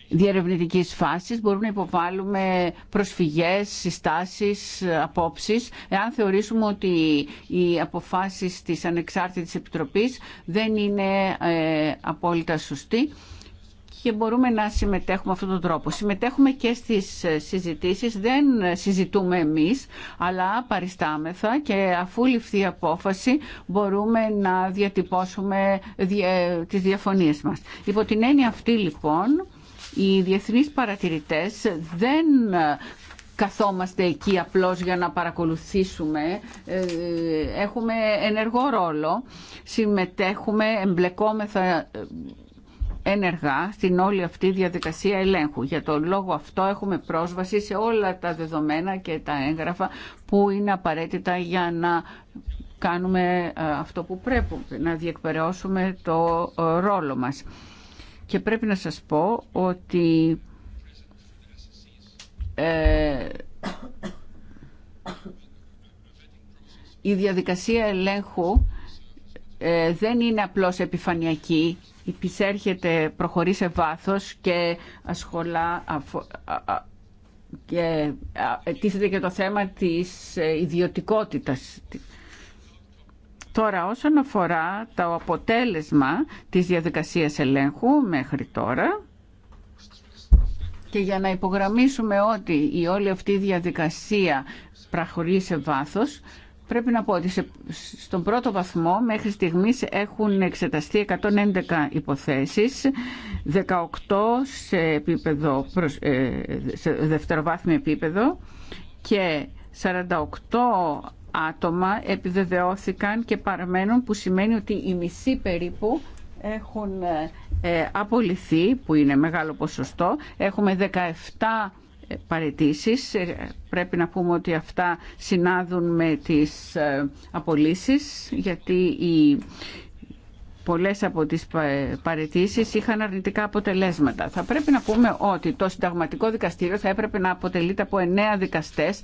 διερευνητικής φάσης μπορούμε να υποβάλουμε προσφυγές, συστάσεις, απόψεις εάν θεωρήσουμε ότι οι αποφάσεις της Ανεξάρτητης Επιτροπής δεν είναι ε, απόλυτα σωστοί και μπορούμε να συμμετέχουμε αυτόν τον τρόπο. Συμμετέχουμε και στις συζητήσεις, δεν συζητούμε εμείς, αλλά παριστάμεθα και αφού ληφθεί η απόφαση μπορούμε να διατυπώσουμε τις διαφωνίες μας. Υπό την έννοια αυτή λοιπόν οι διεθνείς παρατηρητές δεν ε, καθόμαστε εκεί απλώς για να παρακολουθήσουμε. Ε, έχουμε ενεργό ρόλο, συμμετέχουμε, εμπλεκόμεθα ε, ενεργά στην όλη αυτή διαδικασία ελέγχου. Για τον λόγο αυτό έχουμε πρόσβαση σε όλα τα δεδομένα και τα έγγραφα που είναι απαραίτητα για να κάνουμε αυτό που πρέπει, να διεκπαιρεώσουμε το ρόλο μας και πρέπει να σας πω ότι ε, η διαδικασία ελέγχου ε, δεν είναι απλώς επιφανειακή. Υπησέρχεται, προχωρεί σε βάθος και ασχολά, και α, τίθεται και το θέμα της ε, ιδιωτικότητας Τώρα όσον αφορά το αποτέλεσμα της διαδικασίας ελέγχου μέχρι τώρα και για να υπογραμμίσουμε ότι η όλη αυτή διαδικασία πραχωρεί σε βάθος, πρέπει να πω ότι στον πρώτο βαθμό μέχρι στιγμής έχουν εξεταστεί 111 υποθέσεις, 18 σε, επίπεδο, ε, σε δευτεροβάθμιο επίπεδο και 48 άτομα επιβεβαιώθηκαν και παραμένουν που σημαίνει ότι οι μισή περίπου έχουν ε, απολυθεί που είναι μεγάλο ποσοστό. Έχουμε 17 παρετήσεις. Ε, πρέπει να πούμε ότι αυτά συνάδουν με τις ε, απολύσεις γιατί οι πολλές από τις παρετήσεις είχαν αρνητικά αποτελέσματα. Θα πρέπει να πούμε ότι το συνταγματικό δικαστήριο θα έπρεπε να αποτελείται από εννέα δικαστές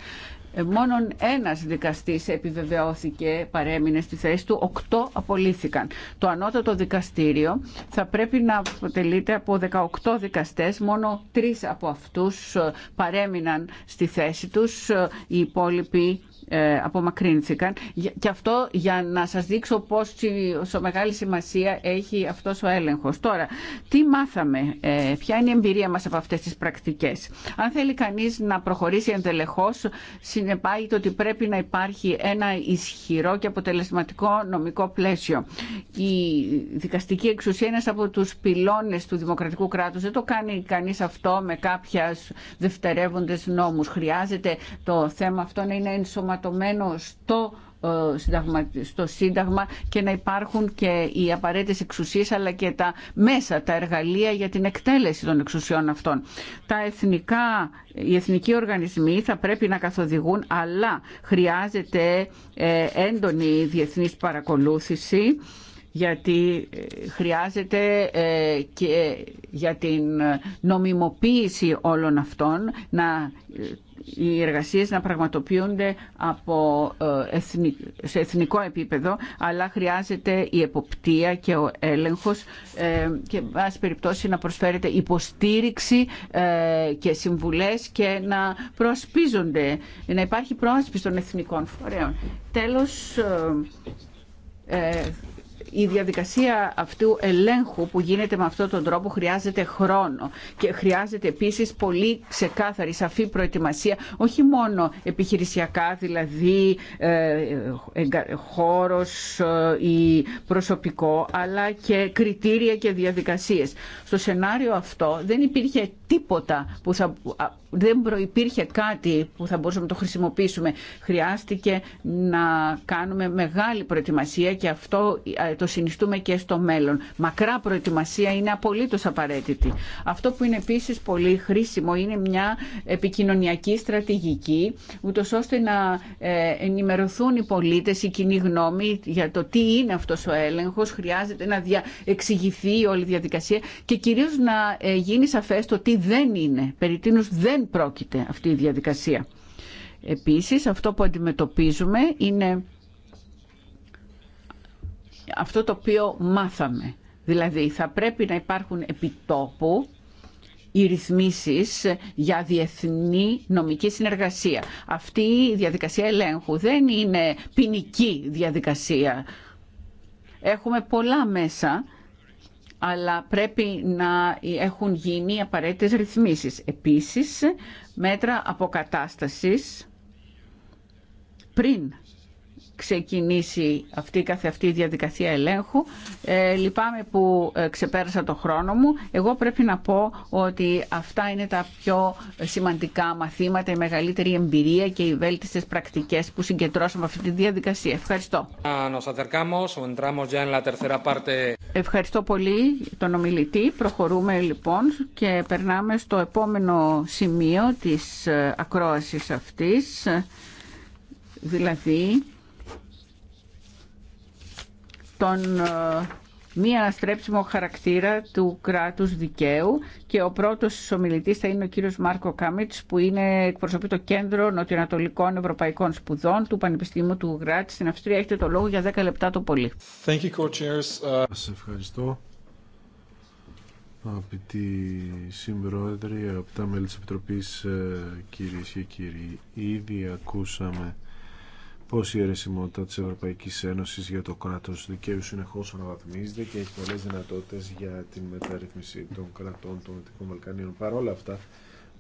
ε, μόνον ένας δικαστής επιβεβαιώθηκε, παρέμεινε στη θέση του, οκτώ απολύθηκαν. Το ανώτατο δικαστήριο θα πρέπει να αποτελείται από 18 δικαστές, μόνο τρεις από αυτούς ε, παρέμειναν στη θέση τους, ε, οι υπόλοιποι ε, απομακρύνθηκαν. Και αυτό για να σας δείξω πόσο μεγάλη σημασία έχει αυτός ο έλεγχος. Τώρα, τι μάθαμε, ε, ποια είναι η εμπειρία μας από αυτές τις πρακτικές. Αν θέλει κανείς να προχωρήσει εντελεχώς, συνεπάγεται ότι πρέπει να υπάρχει ένα ισχυρό και αποτελεσματικό νομικό πλαίσιο. Η δικαστική εξουσία είναι από τους πυλώνες του δημοκρατικού κράτους. Δεν το κάνει κανείς αυτό με κάποιες δευτερεύοντες νόμους. Χρειάζεται το θέμα αυτό να είναι ενσωματωμένο ενσωματωμένο στο ε, στο Σύνταγμα και να υπάρχουν και οι απαραίτητες εξουσίες αλλά και τα μέσα, τα εργαλεία για την εκτέλεση των εξουσιών αυτών. Τα εθνικά, οι εθνικοί οργανισμοί θα πρέπει να καθοδηγούν αλλά χρειάζεται ε, έντονη διεθνής παρακολούθηση γιατί ε, χρειάζεται ε, και για την νομιμοποίηση όλων αυτών να ε, οι εργασίες να πραγματοποιούνται από, σε εθνικό επίπεδο, αλλά χρειάζεται η εποπτεία και ο έλεγχος και βάση περιπτώσει να προσφέρεται υποστήριξη και συμβουλές και να προσπίζονται, να υπάρχει πρόσπιση των εθνικών φορέων. Τέλος, η διαδικασία αυτού ελέγχου που γίνεται με αυτόν τον τρόπο χρειάζεται χρόνο και χρειάζεται επίσης πολύ ξεκάθαρη, σαφή προετοιμασία όχι μόνο επιχειρησιακά, δηλαδή ε, χώρος ε, ή προσωπικό αλλά και κριτήρια και διαδικασίες. Στο σενάριο αυτό δεν υπήρχε τίποτα που θα δεν προϋπήρχε κάτι που θα μπορούσαμε να το χρησιμοποιήσουμε. Χρειάστηκε να κάνουμε μεγάλη προετοιμασία και αυτό ε, το συνιστούμε και στο μέλλον. Μακρά προετοιμασία είναι απολύτω απαραίτητη. Αυτό που είναι επίση πολύ χρήσιμο είναι μια επικοινωνιακή στρατηγική, ούτω ώστε να ε, ενημερωθούν οι πολίτες, η κοινή γνώμη για το τι είναι αυτός ο έλεγχος, χρειάζεται να εξηγηθεί όλη η διαδικασία και κυρίως να ε, γίνει σαφέ το τι δεν είναι, περί δεν πρόκειται αυτή η διαδικασία. Επίσης, αυτό που αντιμετωπίζουμε είναι αυτό το οποίο μάθαμε. Δηλαδή θα πρέπει να υπάρχουν επιτόπου οι ρυθμίσεις για διεθνή νομική συνεργασία. Αυτή η διαδικασία ελέγχου δεν είναι ποινική διαδικασία. Έχουμε πολλά μέσα, αλλά πρέπει να έχουν γίνει απαραίτητες ρυθμίσεις. Επίσης, μέτρα αποκατάστασης πριν ξεκινήσει αυτή καθε αυτή η διαδικασία ελέγχου. Ε, λυπάμαι που ε, ξεπέρασα το χρόνο μου. Εγώ πρέπει να πω ότι αυτά είναι τα πιο σημαντικά μαθήματα, η μεγαλύτερη εμπειρία και οι βέλτιστες πρακτικές που συγκεντρώσαμε αυτή τη διαδικασία. Ευχαριστώ. Ευχαριστώ πολύ τον ομιλητή. Προχωρούμε λοιπόν και περνάμε στο επόμενο σημείο της ε, ακρόασης αυτής, δηλαδή τον ε, μη αναστρέψιμο χαρακτήρα του κράτους δικαίου και ο πρώτος ομιλητής θα είναι ο κύριος Μάρκο Κάμιτς που είναι εκπροσωπεί το Κέντρο Νοτιοανατολικών Ευρωπαϊκών Σπουδών του Πανεπιστήμιου του Γράτ στην Αυστρία. Έχετε το λόγο για 10 λεπτά το πολύ. Uh, Σας ευχαριστώ. Αγαπητοί συμπρόεδροι, από τα μέλη της Επιτροπής, ε, κυρίες και κύριοι, ήδη ακούσαμε πως η αιρεσιμότητα της Ευρωπαϊκής Ένωσης για το κράτος δικαίου συνεχώς αναβαθμίζεται και έχει πολλές δυνατότητες για την μεταρρύθμιση των κρατών των Δυτικών Βαλκανίων. Παρ' όλα αυτά,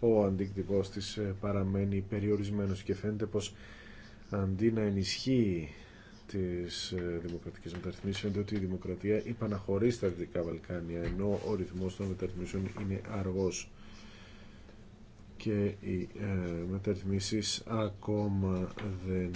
ο αντίκτυπος της ε, παραμένει περιορισμένος και φαίνεται πως αντί να ενισχύει τις ε, δημοκρατικές μεταρρυθμίσεις φαίνεται ότι η δημοκρατία υπαναχωρεί στα Δυτικά Βαλκάνια ενώ ο ρυθμός των μεταρρυθμίσεων είναι αργός και οι ε, μεταρρυθμίσεις ακόμα δεν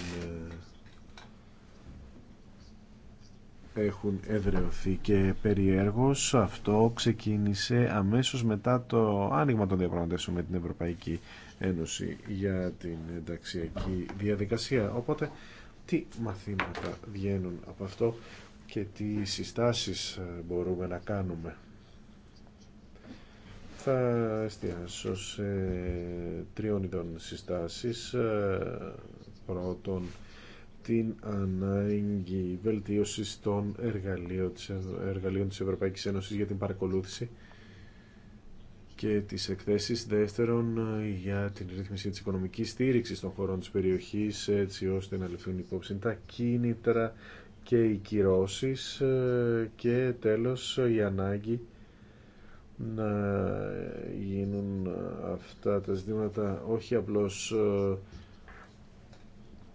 ε, έχουν εδρεωθεί και περιέργως αυτό ξεκίνησε αμέσως μετά το άνοιγμα των διαπραγματεύσεων με την Ευρωπαϊκή Ένωση για την ενταξιακή διαδικασία. Οπότε τι μαθήματα βγαίνουν από αυτό και τι συστάσεις ε, μπορούμε να κάνουμε. Θα εστιάσω σε τριών ειδών συστάσεις. Ε, πρώτον, την ανάγκη βελτίωσης των εργαλείων της, εργαλείων της Ευρωπαϊκής Ένωσης για την παρακολούθηση και τις εκθέσεις δεύτερον για την ρύθμιση της οικονομικής στήριξης των χωρών της περιοχής έτσι ώστε να ληφθούν υπόψη τα κίνητρα και οι κυρώσεις ε, και τέλος η ανάγκη να γίνουν αυτά τα ζητήματα όχι απλώς ε,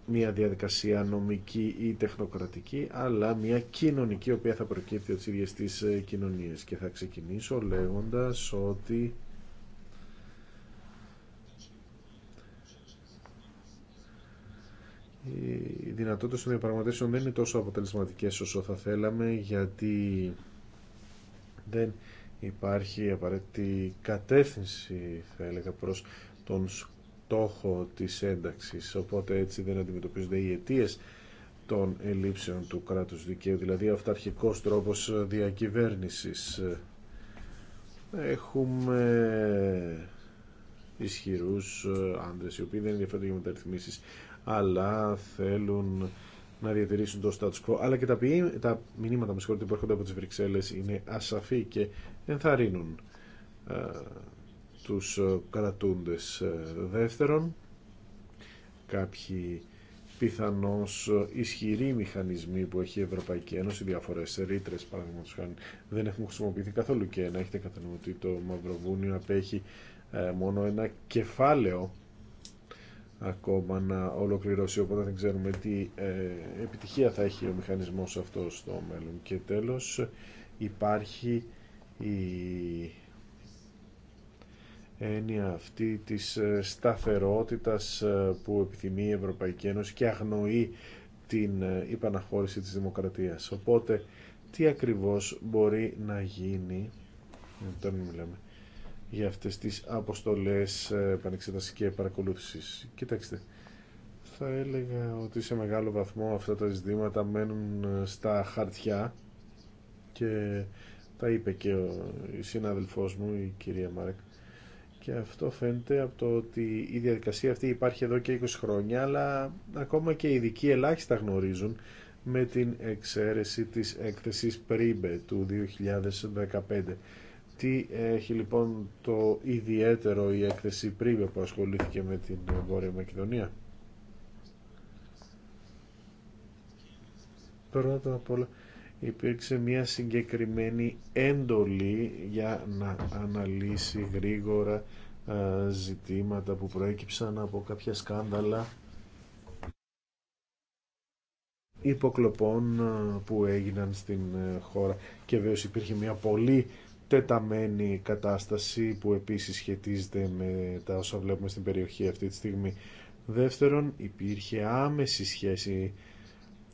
μια διαδικασία νομική ή τεχνοκρατική αλλά μια κοινωνική η οποία θα προκύπτει από τις ίδιες τις ε, κοινωνίες και θα ξεκινήσω λέγοντας ότι οι δυνατότητε των διαπραγματεύσεων δεν είναι τόσο αποτελεσματικές όσο θα θέλαμε γιατί δεν υπάρχει απαραίτητη κατεύθυνση θα έλεγα προς τον στόχο της ένταξης οπότε έτσι δεν αντιμετωπίζονται οι αιτίε των ελλείψεων του κράτους δικαίου δηλαδή αυταρχικός τρόπος διακυβέρνησης έχουμε ισχυρούς άντρες οι οποίοι δεν ενδιαφέρονται για μεταρρυθμίσεις αλλά θέλουν να διατηρήσουν το status quo, αλλά και τα, μηνύματα με που έρχονται από τις Βρυξέλλες είναι ασαφή και ενθαρρύνουν του ε, τους ε, κρατούντες. Ε, δεύτερον, κάποιοι πιθανώς ισχυροί μηχανισμοί που έχει η Ευρωπαϊκή Ένωση, διαφορές ρήτρες παραδείγματος χάνει, δεν έχουν χρησιμοποιηθεί καθόλου και να έχετε κατανοητή ότι το Μαυροβούνιο απέχει μόνο ένα κεφάλαιο ακόμα να ολοκληρώσει οπότε δεν ξέρουμε τι ε, επιτυχία θα έχει ο μηχανισμός αυτό στο μέλλον και τέλος υπάρχει η έννοια αυτή της ε, σταθερότητας ε, που επιθυμεί η Ευρωπαϊκή Ένωση και αγνοεί την υπαναχώρηση της δημοκρατίας οπότε τι ακριβώς μπορεί να γίνει όταν μιλάμε για αυτές τις αποστολές ε, επανεξέταση και παρακολούθησης. Κοιτάξτε, θα έλεγα ότι σε μεγάλο βαθμό αυτά τα ζητήματα μένουν ε, στα χαρτιά και τα είπε και ο συνάδελφός μου, η κυρία Μάρκ, και αυτό φαίνεται από το ότι η διαδικασία αυτή υπάρχει εδώ και 20 χρόνια, αλλά ακόμα και οι ειδικοί ελάχιστα γνωρίζουν με την εξαίρεση της έκθεσης Πρίμπε του 2015 τι έχει λοιπόν το ιδιαίτερο η έκθεση Πρίβε που ασχολήθηκε με την Βόρεια Μακεδονία. Πρώτα απ' όλα υπήρξε μια συγκεκριμένη έντολη για να αναλύσει γρήγορα ζητήματα που προέκυψαν από κάποια σκάνδαλα υποκλοπών που έγιναν στην ε, χώρα και βέβαια υπήρχε μια πολύ τεταμένη κατάσταση που επίσης σχετίζεται με τα όσα βλέπουμε στην περιοχή αυτή τη στιγμή. Δεύτερον, υπήρχε άμεση σχέση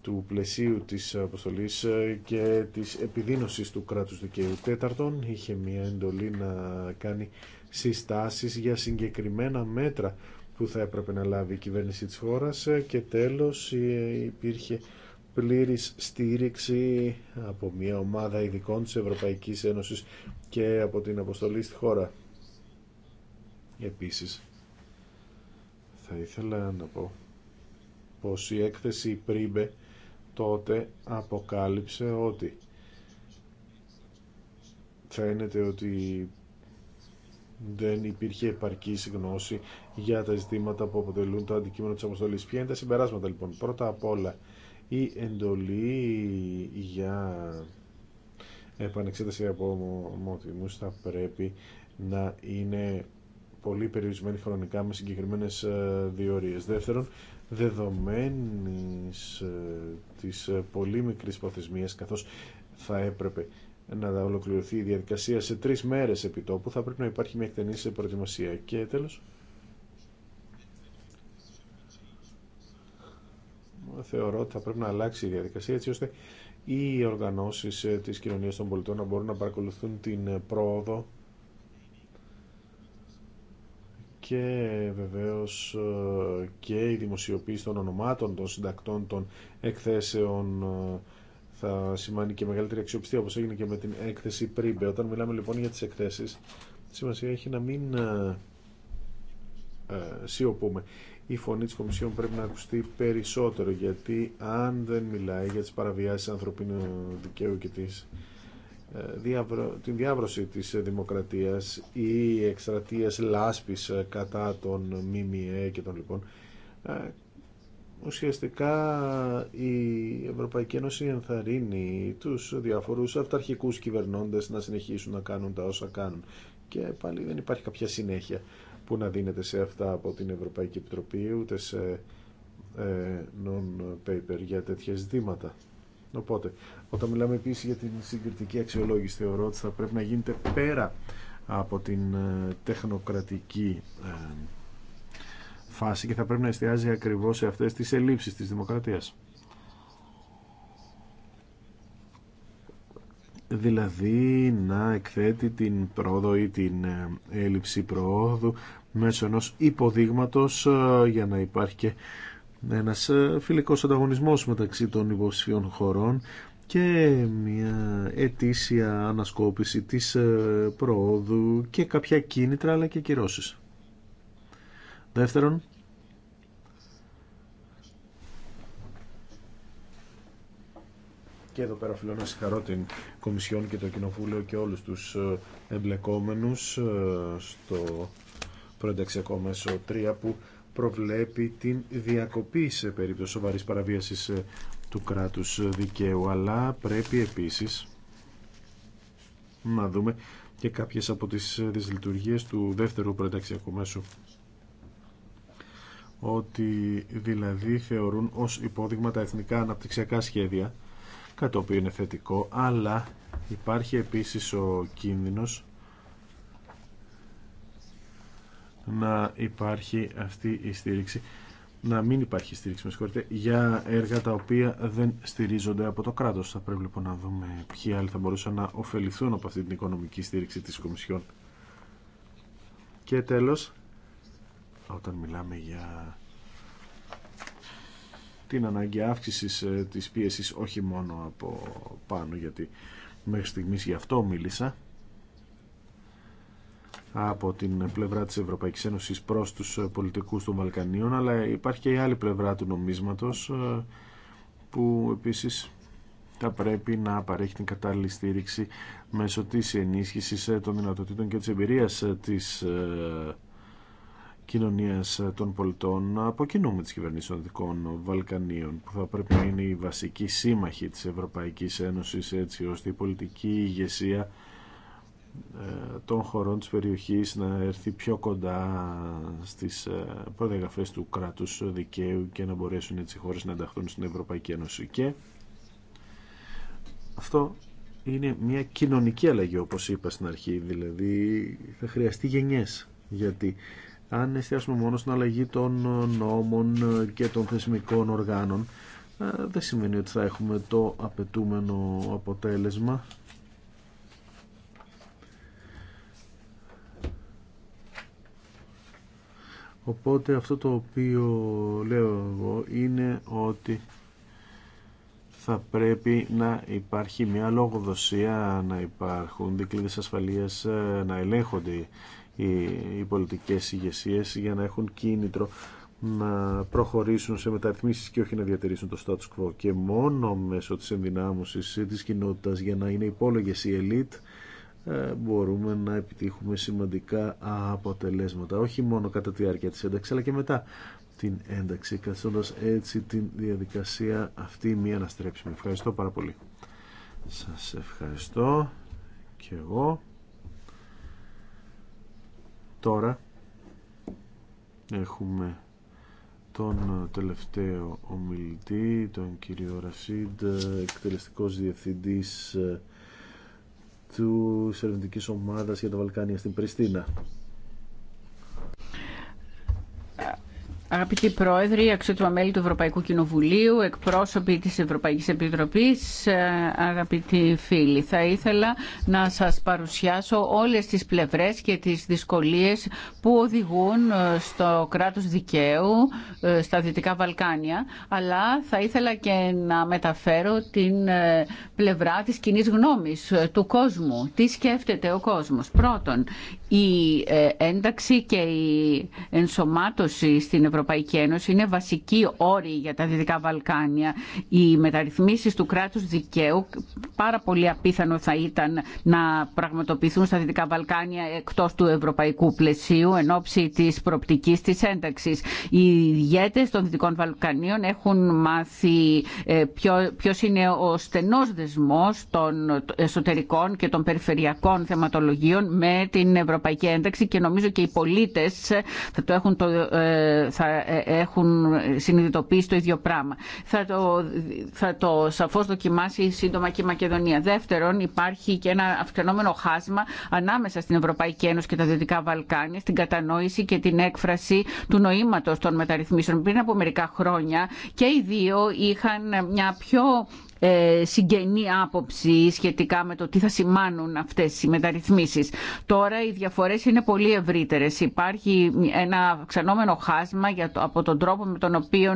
του πλαισίου της αποστολής ε, και της επιδίνωσης του κράτους δικαίου. Τέταρτον, είχε μια εντολή να κάνει συστάσεις για συγκεκριμένα μέτρα που θα έπρεπε να λάβει η κυβέρνηση της χώρας ε, και τέλος ε, υπήρχε πλήρης στήριξη από μια ομάδα ειδικών της Ευρωπαϊκής Ένωσης και από την αποστολή στη χώρα. Επίσης, θα ήθελα να πω πως η έκθεση Πρίμπε τότε αποκάλυψε ότι φαίνεται ότι δεν υπήρχε επαρκή γνώση για τα ζητήματα που αποτελούν το αντικείμενο της αποστολής. Ποια είναι τα συμπεράσματα λοιπόν. Πρώτα απ' όλα η εντολή για επανεξέταση από μοτιμούς θα πρέπει να είναι πολύ περιορισμένη χρονικά με συγκεκριμένες ε, διορίες. Δεύτερον, δεδομένης ε, της ε, πολύ μικρής προθεσμίας, καθώς θα έπρεπε να ολοκληρωθεί η διαδικασία σε τρεις μέρες επιτόπου, θα πρέπει να υπάρχει μια εκτενή προετοιμασία. Και τέλος, θεωρώ ότι θα πρέπει να αλλάξει η διαδικασία έτσι ώστε οι οργανώσεις ε, της κοινωνίας των πολιτών να μπορούν να παρακολουθούν την ε, πρόοδο και βεβαίως ε, και η δημοσιοποίηση των ονομάτων των συντακτών των εκθέσεων θα σημαίνει και μεγαλύτερη αξιοπιστία όπως έγινε και με την έκθεση πριν. Όταν μιλάμε λοιπόν για τις εκθέσεις σημασία έχει να μην σιωπούμε η φωνή της Κομισιόν πρέπει να ακουστεί περισσότερο γιατί αν δεν μιλάει για τις παραβιάσεις ανθρωπίνου δικαίου και της, ε, την διάβρωση της δημοκρατίας ή εκστρατείας λάσπης ε, κατά των ΜΜΕ και των λοιπόν ουσιαστικά η Ευρωπαϊκή Ένωση ενθαρρύνει τους διαφορούς αυταρχικούς κυβερνώντες να συνεχίσουν να κάνουν τα όσα κάνουν και πάλι δεν υπάρχει κάποια συνέχεια που να δίνεται σε αυτά από την Ευρωπαϊκή Επιτροπή ούτε σε ε, non-paper για τέτοια ζητήματα. Οπότε, όταν μιλάμε επίση για την συγκριτική αξιολόγηση, θεωρώ ότι θα πρέπει να γίνεται πέρα από την ε, τεχνοκρατική ε, φάση και θα πρέπει να εστιάζει ακριβώς σε αυτές τις ελλείψεις της δημοκρατίας. δηλαδή να εκθέτει την πρόοδο ή την ε, έλλειψη προόδου μέσω ενός υποδείγματος ε, για να υπάρχει και ένας ε, φιλικός ανταγωνισμός μεταξύ των υποψηφίων χωρών και μια ετήσια ανασκόπηση της προόδου και κάποια κίνητρα αλλά και κυρώσεις. Δεύτερον, Και εδώ πέρα οφείλω να συγχαρώ την Κομισιόν και το Κοινοβούλιο και όλους τους ε, εμπλεκόμενους ε, στο προενταξιακό μέσο 3 που προβλέπει την διακοπή σε περίπτωση σοβαρής παραβίασης ε, του κράτους δικαίου. Αλλά πρέπει επίσης να δούμε και κάποιες από τις δυσλειτουργίες του δεύτερου προενταξιακού μέσου ότι δηλαδή θεωρούν ως υπόδειγμα τα εθνικά αναπτυξιακά σχέδια κάτι το οποίο είναι θετικό, αλλά υπάρχει επίσης ο κίνδυνος να υπάρχει αυτή η στήριξη να μην υπάρχει στήριξη, με συγχωρείτε, για έργα τα οποία δεν στηρίζονται από το κράτος. Θα πρέπει λοιπόν να δούμε ποιοι άλλοι θα μπορούσαν να ωφεληθούν από αυτή την οικονομική στήριξη της Κομισιόν. Και τέλος, όταν μιλάμε για την ανάγκη αύξηση ε, της πίεση όχι μόνο από πάνω γιατί μέχρι στιγμής γι' αυτό μίλησα από την πλευρά της Ευρωπαϊκής Ένωσης προς τους ε, πολιτικούς των Βαλκανίων αλλά υπάρχει και η άλλη πλευρά του νομίσματος ε, που επίσης θα πρέπει να παρέχει την κατάλληλη στήριξη μέσω της ενίσχυσης των δυνατοτήτων και της εμπειρίας της κοινωνίας των πολιτών από κοινού με τις κυβερνήσεις των Δικών Βαλκανίων που θα πρέπει να είναι η βασική σύμμαχη της Ευρωπαϊκής Ένωσης έτσι ώστε η πολιτική ηγεσία ε, των χωρών της περιοχής να έρθει πιο κοντά στις ε, προδιαγραφέ του κράτους δικαίου και να μπορέσουν έτσι οι χώρες να ενταχθούν στην Ευρωπαϊκή Ένωση και αυτό είναι μια κοινωνική αλλαγή όπως είπα στην αρχή δηλαδή θα χρειαστεί γενιές γιατί αν εστιάσουμε μόνο στην αλλαγή των νόμων και των θεσμικών οργάνων ε, δεν σημαίνει ότι θα έχουμε το απαιτούμενο αποτέλεσμα οπότε αυτό το οποίο λέω εγώ είναι ότι θα πρέπει να υπάρχει μια λογοδοσία, να υπάρχουν δικλείδες ασφαλείας, ε, να ελέγχονται οι, οι πολιτικές ηγεσίε για να έχουν κίνητρο να προχωρήσουν σε μεταρρυθμίσεις και όχι να διατηρήσουν το status quo και μόνο μέσω της ενδυνάμωσης της κοινότητα για να είναι υπόλογες οι ελίτ ε, μπορούμε να επιτύχουμε σημαντικά αποτελέσματα όχι μόνο κατά τη διάρκεια της ένταξης αλλά και μετά την ένταξη καθώς έτσι την διαδικασία αυτή μη αναστρέψιμη. Ευχαριστώ πάρα πολύ. Σας ευχαριστώ και εγώ. Τώρα έχουμε τον τελευταίο ομιλητή, τον κύριο Ρασίντ, εκτελεστικός διευθυντής ε, του ερευνητική ομάδας για τα Βαλκάνια στην Πριστίνα. Αγαπητοί Πρόεδροι, αξιότιμα μέλη του Ευρωπαϊκού Κοινοβουλίου, εκπρόσωποι της Ευρωπαϊκής Επιτροπής, ε, αγαπητοί φίλοι, θα ήθελα να σας παρουσιάσω όλες τις πλευρές και τις δυσκολίες που οδηγούν ε, στο κράτος δικαίου ε, στα Δυτικά Βαλκάνια, αλλά θα ήθελα και να μεταφέρω την πλευρά της κοινή γνώμης του κόσμου. Τι σκέφτεται ο κόσμος. Πρώτον, η ε, ένταξη και η ενσωμάτωση στην Ευρωπαϊκή Ένωση είναι βασική όρη για τα Δυτικά Βαλκάνια. Οι μεταρρυθμίσεις του κράτους δικαίου πάρα πολύ απίθανο θα ήταν να πραγματοποιηθούν στα Δυτικά Βαλκάνια εκτός του ευρωπαϊκού πλαισίου εν ώψη της προπτικής της ένταξης. Οι ηγέτες των Δυτικών Βαλκανίων έχουν μάθει ε, ποιο είναι ο στενός δεσμός των ε, εσωτερικών και των περιφερειακών θεματολογίων με την ευρωπαϊκή ένταξη και νομίζω και οι πολίτες θα, το έχουν, το, ε, θα ε, έχουν συνειδητοποιήσει το ίδιο πράγμα. Θα το, θα το σαφώς δοκιμάσει σύντομα και η Μακεδονία. Δεύτερον, υπάρχει και ένα αυξανόμενο χάσμα ανάμεσα στην Ευρωπαϊκή Ένωση και τα Δυτικά Βαλκάνια, στην κατανόηση και την έκφραση του νοήματος των μεταρρυθμίσεων. Πριν από μερικά χρόνια και οι δύο είχαν μια πιο ε, συγγενή άποψη σχετικά με το τι θα σημάνουν αυτές οι μεταρρυθμίσεις. Τώρα οι διαφορές είναι πολύ ευρύτερες. Υπάρχει ένα ξανόμενο χάσμα για το, από τον τρόπο με τον οποίο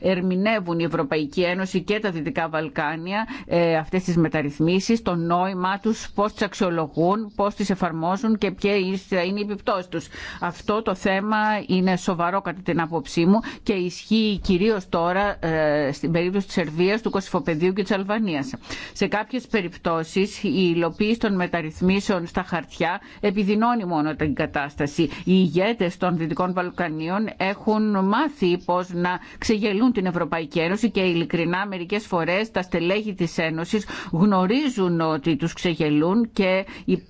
ε, ερμηνεύουν η Ευρωπαϊκή Ένωση και τα Δυτικά Βαλκάνια ε, αυτές τις μεταρρυθμίσεις, το νόημά τους, πώς τις αξιολογούν, πώς τις εφαρμόζουν και ποιε είναι οι επιπτώσεις τους. Αυτό το θέμα είναι σοβαρό κατά την άποψή μου και ισχύει κυρίως τώρα ε, στην περίπτωση της Σερβίας, του Κωσυφοπεδίου και της Αλβανίας. Σε κάποιες περιπτώσεις η υλοποίηση των μεταρρυθμίσεων στα χαρτιά επιδεινώνει μόνο την κατάσταση. Οι ηγέτες των Δυτικών Βαλκανίων έχουν μάθει πώς να ξεγελούν την Ευρωπαϊκή Ένωση και ειλικρινά μερικές φορές τα στελέχη της Ένωσης γνωρίζουν ότι τους ξεγελούν και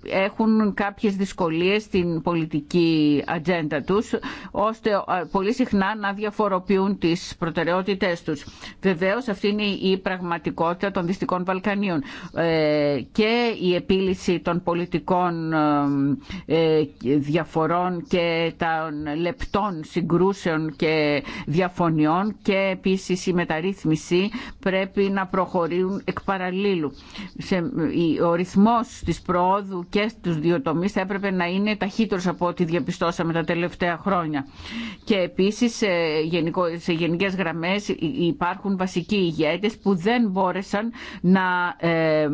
έχουν κάποιες δυσκολίες στην πολιτική ατζέντα τους ώστε ε, πολύ συχνά να διαφοροποιούν τις προτεραιότητές τους. Βεβαίω αυτή είναι η πραγματικότητα των Δυστικών Βαλκανίων ε, και η επίλυση των πολιτικών ε, ε, διαφορών και των λεπτών συγκρούσεων και διαφωνιών και επίσης η μεταρρύθμιση πρέπει να προχωρήσουν εκ παραλλήλου. Ο ρυθμός της προόδου και στους δύο τομείς θα έπρεπε να είναι ταχύτερος από ό,τι διαπιστώσαμε τα τελευταία χρόνια. Και επίσης σε γενικές γραμμές υπάρχουν βασικοί ηγέτες που δεν μπορούν μπόρεσαν να, ε,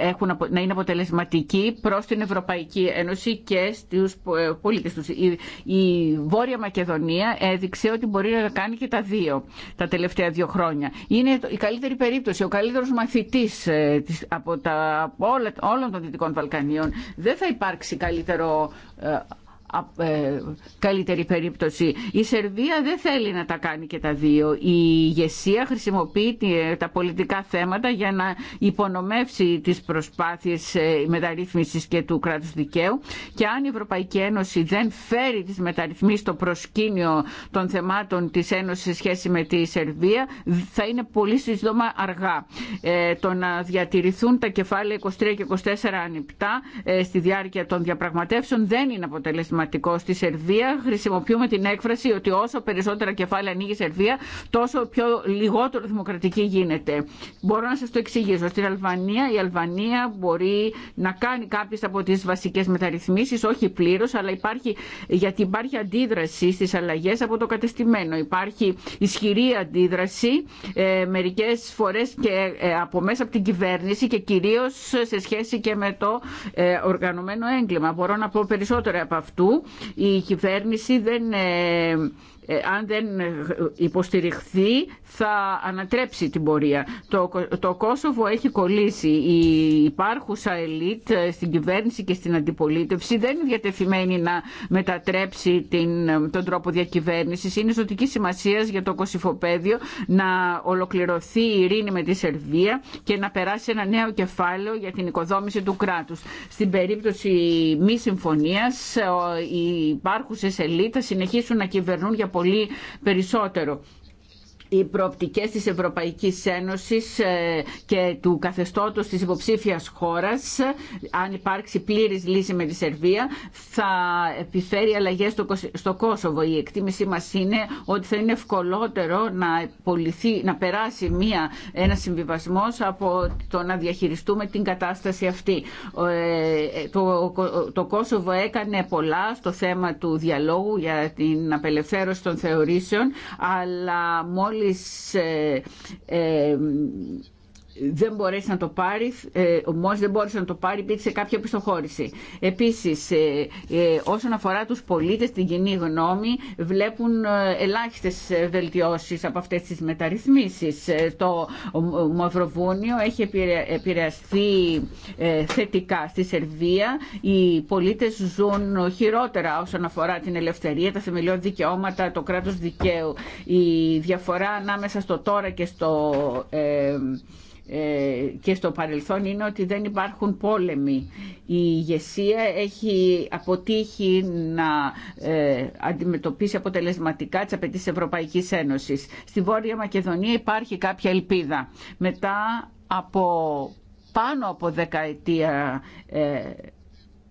έχουν, να είναι αποτελεσματικοί προς την Ευρωπαϊκή Ένωση και στους ε, πολίτες τους. Η, Βόρεια Μακεδονία έδειξε ότι μπορεί να κάνει και τα δύο τα τελευταία δύο χρόνια. Είναι η καλύτερη περίπτωση, ο καλύτερος μαθητής ε, από, τα, όλα, όλων των Δυτικών Βαλκανίων. Δεν θα υπάρξει καλύτερο ε, καλύτερη περίπτωση. Η Σερβία δεν θέλει να τα κάνει και τα δύο. Η ηγεσία χρησιμοποιεί ε, τα πολιτικά θέματα για να υπονομεύσει τις προσπάθειες ε, μεταρρύθμισης και του κράτους δικαίου και αν η Ευρωπαϊκή Ένωση δεν φέρει τις μεταρρυθμίσεις στο προσκήνιο των θεμάτων της Ένωσης σε σχέση με τη Σερβία θα είναι πολύ σύντομα αργά. Ε, το να διατηρηθούν τα κεφάλαια 23 και 24 ανοιπτά στη διάρκεια των διαπραγματεύσεων δεν είναι αποτελεσματικό Στη Σερβία χρησιμοποιούμε την έκφραση ότι όσο περισσότερα κεφάλαια ανοίγει η Σερβία, τόσο πιο λιγότερο δημοκρατική γίνεται. Μπορώ να σα το εξηγήσω. Στην Αλβανία, η Αλβανία μπορεί να κάνει κάποιε από τι βασικέ μεταρρυθμίσει, όχι πλήρω, αλλά υπάρχει, γιατί υπάρχει αντίδραση στι αλλαγέ από το κατεστημένο. Υπάρχει ισχυρή αντίδραση ε, μερικέ φορέ και ε, από μέσα από την κυβέρνηση και κυρίω σε σχέση και με το ε, οργανωμένο έγκλημα. Μπορώ να πω περισσότερα από αυτού η κυβέρνηση δεν ε, ε, αν δεν υποστηριχθεί θα ανατρέψει την πορεία. Το, το Κόσοβο έχει κολλήσει. Η υπάρχουσα ελίτ ε, στην κυβέρνηση και στην αντιπολίτευση δεν είναι διατεθειμένη να μετατρέψει ε, τον τρόπο διακυβέρνησης. Είναι ζωτική σημασία για το Κωσυφοπαίδιο να ολοκληρωθεί η ειρήνη με τη Σερβία και να περάσει ένα νέο κεφάλαιο για την οικοδόμηση του κράτους. Στην περίπτωση μη συμφωνίας οι υπάρχουσες ελίτ θα συνεχίσουν να για πολύ περισσότερο οι προοπτικές της Ευρωπαϊκής Ένωσης ε, και του καθεστώτος της υποψήφιας χώρας, αν υπάρξει πλήρης λύση με τη Σερβία, θα επιφέρει αλλαγές στο Κόσοβο. Η εκτίμησή μας είναι ότι θα είναι ευκολότερο να, πολυθεί, να περάσει μία, ένα συμβιβασμός από το να διαχειριστούμε την κατάσταση αυτή. Ε, το, το Κόσοβο έκανε πολλά στο θέμα του διαλόγου για την απελευθέρωση των θεωρήσεων, αλλά μόλις μόλις ε, ε, δεν μπορέσει να το πάρει, ε, όμω δεν μπόρεσε να το πάρει, υπήρξε κάποια πιστοχώρηση. Επίση, ε, ε, όσον αφορά του πολίτε, την κοινή γνώμη, βλέπουν ελάχιστε βελτιώσει από αυτέ τι μεταρρυθμίσει. Το Μαυροβούνιο έχει επηρεαστεί θετικά στη Σερβία. Οι πολίτε ζουν χειρότερα όσον αφορά την ελευθερία, τα θεμελιώδη δικαιώματα, το κράτο δικαίου. Η διαφορά ανάμεσα στο τώρα και στο ε, και στο παρελθόν είναι ότι δεν υπάρχουν πόλεμοι. Η ηγεσία έχει αποτύχει να ε, αντιμετωπίσει αποτελεσματικά τις απαιτήσεις Ευρωπαϊκής Ένωσης. Στη Βόρεια Μακεδονία υπάρχει κάποια ελπίδα. Μετά από πάνω από δεκαετία ε,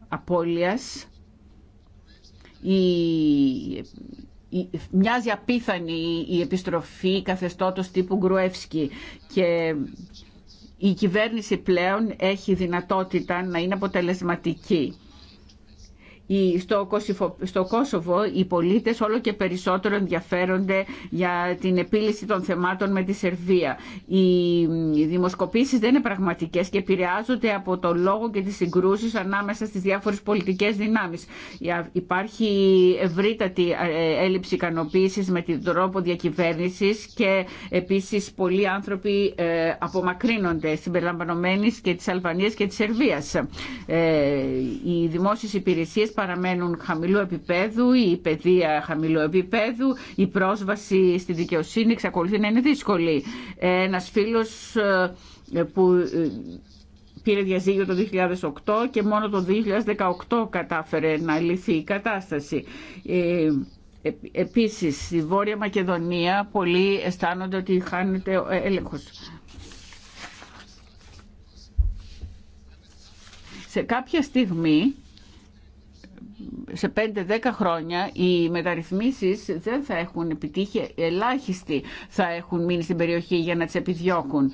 απώλειας, μοιάζει απίθανη η επιστροφή καθεστώτος τύπου Γκρουεύσκη και η κυβέρνηση πλέον έχει δυνατότητα να είναι αποτελεσματική στο Κόσοβο οι πολίτες όλο και περισσότερο ενδιαφέρονται για την επίλυση των θεμάτων με τη Σερβία. Οι δημοσκοπήσεις δεν είναι πραγματικές και επηρεάζονται από το λόγο και τις συγκρούσεις ανάμεσα στις διάφορες πολιτικές δυνάμεις. Υπάρχει ευρύτατη ε, έλλειψη ικανοποίηση με την τρόπο διακυβέρνησης και επίσης πολλοί άνθρωποι ε, απομακρύνονται συμπεριλαμβανομένης και της Αλβανίας και της Σερβίας. Ε, οι δημόσιες υπηρεσίες παραμένουν χαμηλού επίπεδου, η παιδεία χαμηλού επίπεδου, η πρόσβαση στη δικαιοσύνη εξακολουθεί να είναι δύσκολη. Ένα φίλο ε, που ε, πήρε διαζύγιο το 2008 και μόνο το 2018 κατάφερε να λυθεί η κατάσταση. Ε, επίσης, στη Βόρεια Μακεδονία πολλοί αισθάνονται ότι χάνεται έλεγχος. Σε κάποια στιγμή σε 5-10 χρόνια οι μεταρρυθμίσεις δεν θα έχουν επιτύχει, ελάχιστοι θα έχουν μείνει στην περιοχή για να τις επιδιώκουν.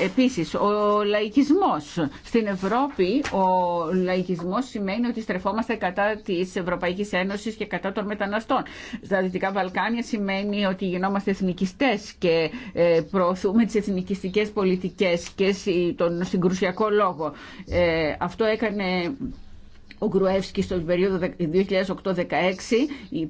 Επίσης, ο λαϊκισμός. Στην Ευρώπη ο λαϊκισμός σημαίνει ότι στρεφόμαστε κατά της Ευρωπαϊκής Ένωσης και κατά των μεταναστών. Στα Δυτικά Βαλκάνια σημαίνει ότι γινόμαστε εθνικιστές και ε, προωθούμε τις εθνικιστικές πολιτικές και τον συγκρουσιακό λόγο. Ε, αυτό έκανε ο Γκρουεύσκι στον περίοδο 2008-2016.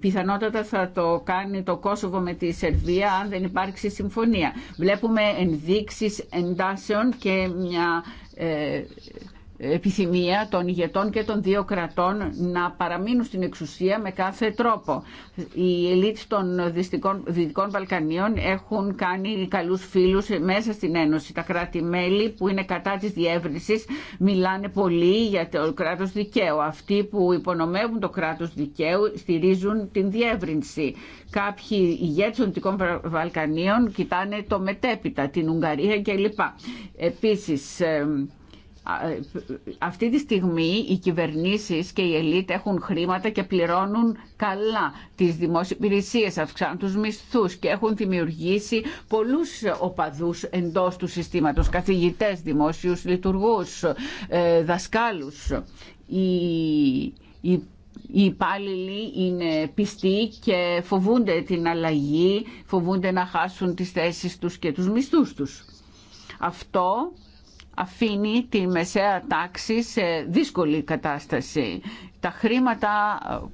Πιθανότατα θα το κάνει το Κόσοβο με τη Σερβία αν δεν υπάρξει συμφωνία. Βλέπουμε ενδείξεις εντάσεων και μια ε, επιθυμία των ηγετών και των δύο κρατών να παραμείνουν στην εξουσία με κάθε τρόπο. Οι ελίτ των Δυτικών, Δυτικών Βαλκανίων έχουν κάνει καλού φίλους μέσα στην Ένωση. Τα κράτη-μέλη που είναι κατά τη διεύρυνση μιλάνε πολύ για το κράτο δικαίου. Αυτοί που υπονομεύουν το κράτος δικαίου στηρίζουν την διεύρυνση. Κάποιοι ηγέτε των Δυτικών Βαλκανίων κοιτάνε το μετέπειτα, την Ουγγαρία κλπ. Επίση. Ε, αυτή τη στιγμή οι κυβερνήσεις και η ελίτ έχουν χρήματα και πληρώνουν καλά τις δημόσιες υπηρεσίες, αυξάνουν τους μισθούς και έχουν δημιουργήσει πολλούς οπαδούς εντός του συστήματος, καθηγητές, δημόσιους λειτουργούς, ε, δασκάλους. Οι, οι υπάλληλοι είναι πιστοί και φοβούνται την αλλαγή, φοβούνται να χάσουν τις θέσεις τους και τους μισθούς τους. Αυτό αφήνει τη μεσαία τάξη σε δύσκολη κατάσταση. Τα χρήματα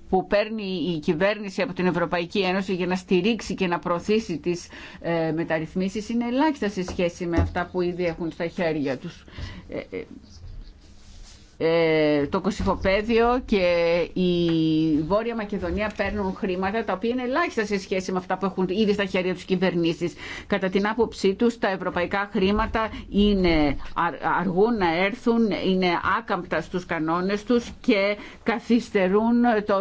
που παίρνει η κυβέρνηση από την Ευρωπαϊκή Ένωση για να στηρίξει και να προωθήσει τις ε, μεταρρυθμίσεις είναι ελάχιστα σε σχέση με αυτά που ήδη έχουν στα χέρια τους. Ε, ε, ε, το Κωσυφοπαίδιο και η Βόρεια Μακεδονία παίρνουν χρήματα τα οποία είναι ελάχιστα σε σχέση με αυτά που έχουν ήδη στα χέρια τους κυβερνήσεις. Κατά την άποψή τους τα ευρωπαϊκά χρήματα είναι, αργούν να έρθουν, είναι άκαμπτα στους κανόνες τους και καθυστερούν το,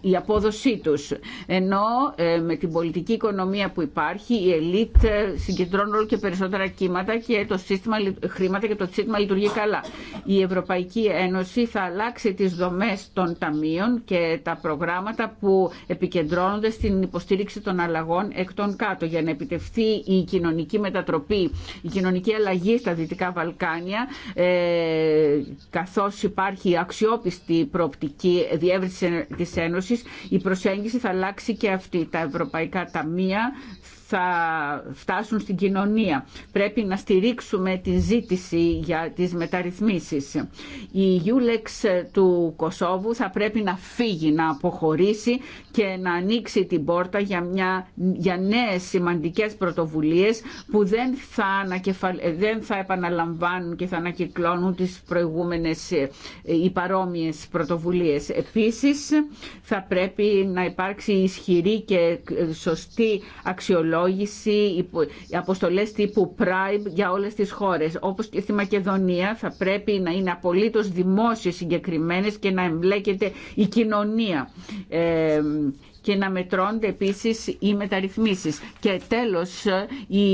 η, απόδοσή τους. Ενώ ε, με την πολιτική οικονομία που υπάρχει η ελίτ ε, συγκεντρώνουν όλο και περισσότερα κύματα και το σύστημα, χρήματα και το σύστημα λειτουργεί καλά η Ευρωπαϊκή Ένωση θα αλλάξει τις δομές των ταμείων και τα προγράμματα που επικεντρώνονται στην υποστήριξη των αλλαγών εκ των κάτω για να επιτευχθεί η κοινωνική μετατροπή, η κοινωνική αλλαγή στα Δυτικά Βαλκάνια ε, καθώς υπάρχει αξιόπιστη προοπτική διεύρυνση της Ένωσης η προσέγγιση θα αλλάξει και αυτή. Τα ευρωπαϊκά ταμεία θα φτάσουν στην κοινωνία. Πρέπει να στηρίξουμε τη ζήτηση για τις μεταρρυθμίσεις. Η Ιούλεξ του Κωσόβου θα πρέπει να φύγει, να αποχωρήσει και να ανοίξει την πόρτα για, μια, για νέες σημαντικές πρωτοβουλίες που δεν θα, ανακεφαλ, δεν θα επαναλαμβάνουν και θα ανακυκλώνουν τις προηγούμενες ή ε, παρόμοιες πρωτοβουλίες. Επίσης θα πρέπει να υπάρξει ισχυρή και σωστή αξιολόγηση οι αποστολές τύπου Prime για όλες τις χώρες. Όπως και στη Μακεδονία θα πρέπει να είναι απολύτως δημόσιες συγκεκριμένες και να εμπλέκεται η κοινωνία. Ε, και να μετρώνται επίσης οι μεταρρυθμίσεις. Και τέλος, η,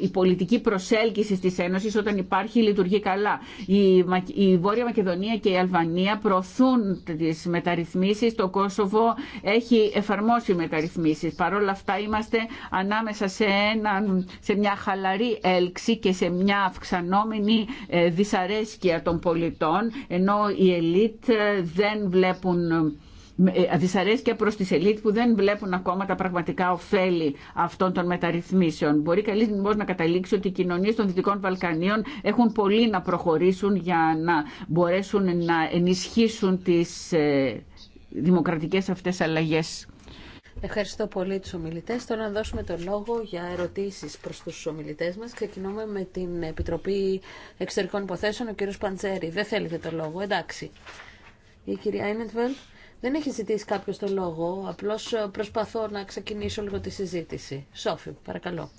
η πολιτική προσέλκυση της Ένωσης όταν υπάρχει λειτουργεί καλά. Η, η Βόρεια Μακεδονία και η Αλβανία προωθούν τις μεταρρυθμίσεις. Το Κόσοβο έχει εφαρμόσει μεταρρυθμίσεις. Παρ' όλα αυτά είμαστε ανάμεσα σε, ένα, σε μια χαλαρή έλξη και σε μια αυξανόμενη ε, δυσαρέσκεια των πολιτών ενώ οι ελίτ ε, δεν βλέπουν ε, δυσαρέσκεια προς τις ελίτ που δεν βλέπουν ακόμα τα πραγματικά ωφέλη αυτών των μεταρρυθμίσεων. Μπορεί καλή μήπως να καταλήξει ότι οι κοινωνίες των Δυτικών Βαλκανίων έχουν πολύ να προχωρήσουν για να μπορέσουν να ενισχύσουν τις ε, δημοκρατικές αυτές αλλαγές. Ευχαριστώ πολύ τους ομιλητές. Τώρα να δώσουμε το λόγο για ερωτήσεις προς τους ομιλητές μας. Ξεκινούμε με την Επιτροπή Εξωτερικών Υποθέσεων, ο κύριος Παντζέρη. Δεν θέλετε το λόγο, εντάξει. Η κυρία Ίνετβελ, δεν έχει ζητήσει κάποιο το λόγο, απλώς ε, προσπαθώ να ξεκινήσω λίγο τη συζήτηση. Σόφι, παρακαλώ.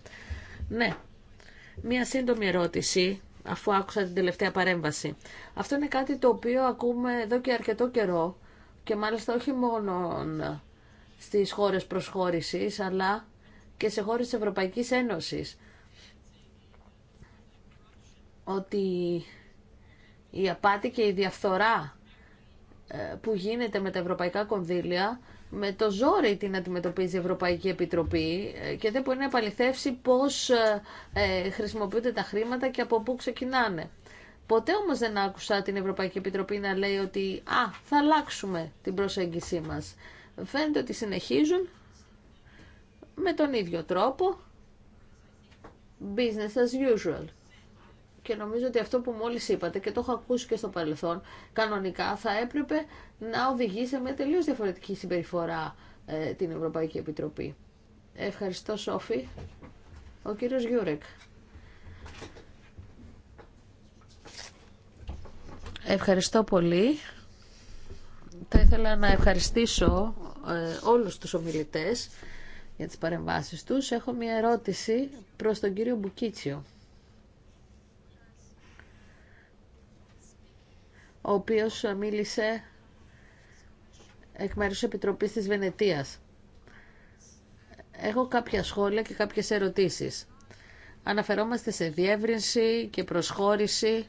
Ναι, μία σύντομη ερώτηση, αφού άκουσα την τελευταία παρέμβαση. Αυτό είναι κάτι το οποίο ακούμε εδώ και αρκετό καιρό και μάλιστα όχι μόνο στις χώρες προσχώρησης, αλλά και σε χώρες της Ευρωπαϊκής Ένωσης. Ότι η απάτη και η διαφθορά ε, που γίνεται με τα ευρωπαϊκά κονδύλια, με το ζόρι την αντιμετωπίζει η Ευρωπαϊκή Επιτροπή ε, και δεν μπορεί να επαληθεύσει πώς ε, χρησιμοποιούνται τα χρήματα και από πού ξεκινάνε. Ποτέ όμως δεν άκουσα την Ευρωπαϊκή Επιτροπή να λέει ότι «Α, θα αλλάξουμε την προσέγγιση μας». Φαίνεται ότι συνεχίζουν με τον ίδιο τρόπο «business as usual» και νομίζω ότι αυτό που μόλις είπατε και το έχω ακούσει και στο παρελθόν κανονικά θα έπρεπε να οδηγεί σε μια τελείως διαφορετική συμπεριφορά ε, την Ευρωπαϊκή Επιτροπή. Ευχαριστώ Σόφη. Ο κύριος Γιούρεκ. Ευχαριστώ πολύ. Θα ήθελα να ευχαριστήσω ε, όλους τους ομιλητές για τις παρεμβάσεις τους. Έχω μια ερώτηση προς τον κύριο Μπουκίτσιο. ο οποίος μίλησε εκ μέρους Επιτροπής της Βενετίας. Έχω κάποια σχόλια και κάποιες ερωτήσεις. Αναφερόμαστε σε διεύρυνση και προσχώρηση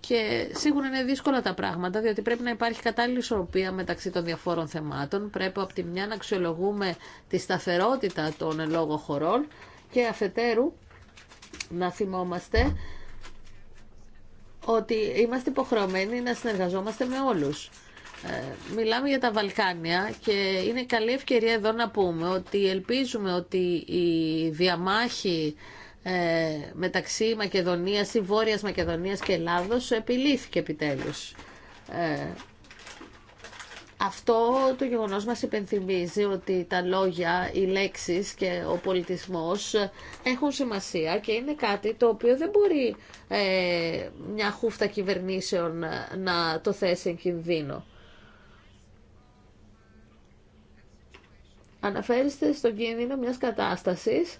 και σίγουρα είναι δύσκολα τα πράγματα, διότι πρέπει να υπάρχει κατάλληλη ισορροπία μεταξύ των διαφόρων θεμάτων. Πρέπει από τη μια να αξιολογούμε τη σταθερότητα των λόγω χωρών και αφετέρου να θυμόμαστε ότι είμαστε υποχρεωμένοι να συνεργαζόμαστε με όλους. Ε, μιλάμε για τα Βαλκάνια και είναι καλή ευκαιρία εδώ να πούμε ότι ελπίζουμε ότι η διαμάχη ε, μεταξύ Μακεδονίας ή Βόρειας Μακεδονίας και Ελλάδος επιλύθηκε επιτέλους. Ε, αυτό το γεγονός μας υπενθυμίζει ότι τα λόγια, οι λέξεις και ο πολιτισμός έχουν σημασία και είναι κάτι το οποίο δεν μπορεί ε, μια χούφτα κυβερνήσεων να το θέσει εν κινδύνο. Αναφέρεστε στον κίνδυνο μιας κατάστασης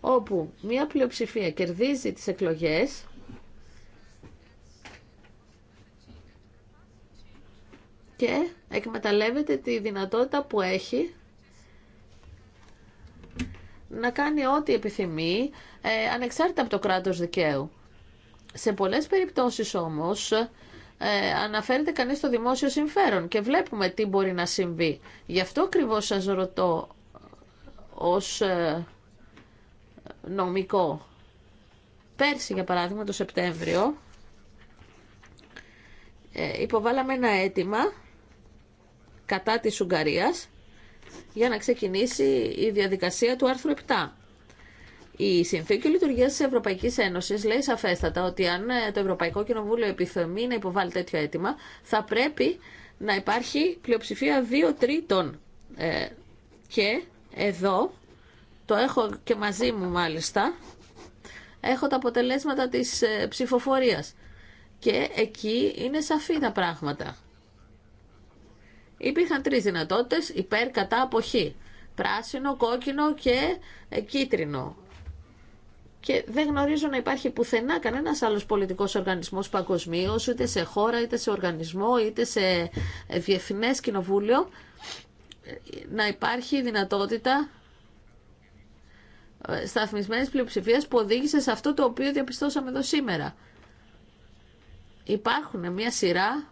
όπου μια πλειοψηφία κερδίζει τις εκλογές και εκμεταλλεύεται τη δυνατότητα που έχει να κάνει ό,τι επιθυμεί, ε, ανεξάρτητα από το κράτος δικαίου. Σε πολλές περιπτώσεις όμως ε, αναφέρεται κανείς στο δημόσιο συμφέρον και βλέπουμε τι μπορεί να συμβεί. Γι' αυτό ακριβώ σας ρωτώ ως ε, νομικό. Πέρσι, για παράδειγμα, το Σεπτέμβριο, ε, υποβάλαμε ένα αίτημα κατά της Ουγγαρίας για να ξεκινήσει η διαδικασία του άρθρου 7. Η Συνθήκη Λειτουργία τη Ευρωπαϊκή Ένωση λέει σαφέστατα ότι αν ε, το Ευρωπαϊκό Κοινοβούλιο επιθυμεί να υποβάλει τέτοιο αίτημα, θα πρέπει να υπάρχει πλειοψηφία 2 τρίτων. Ε, και εδώ το έχω και μαζί μου μάλιστα, έχω τα αποτελέσματα της ε, ψηφοφορίας. Και εκεί είναι σαφή τα πράγματα. Υπήρχαν τρεις δυνατότητες, υπέρ, κατά, αποχή. Πράσινο, κόκκινο και ε, κίτρινο. Και δεν γνωρίζω να υπάρχει πουθενά κανένα άλλο πολιτικό οργανισμό παγκοσμίω, είτε σε χώρα, είτε σε οργανισμό, είτε σε ε, διεθνέ κοινοβούλιο, να υπάρχει δυνατότητα ε, σταθμισμένη πλειοψηφία που οδήγησε σε αυτό το οποίο διαπιστώσαμε εδώ σήμερα. Υπάρχουν μια σειρά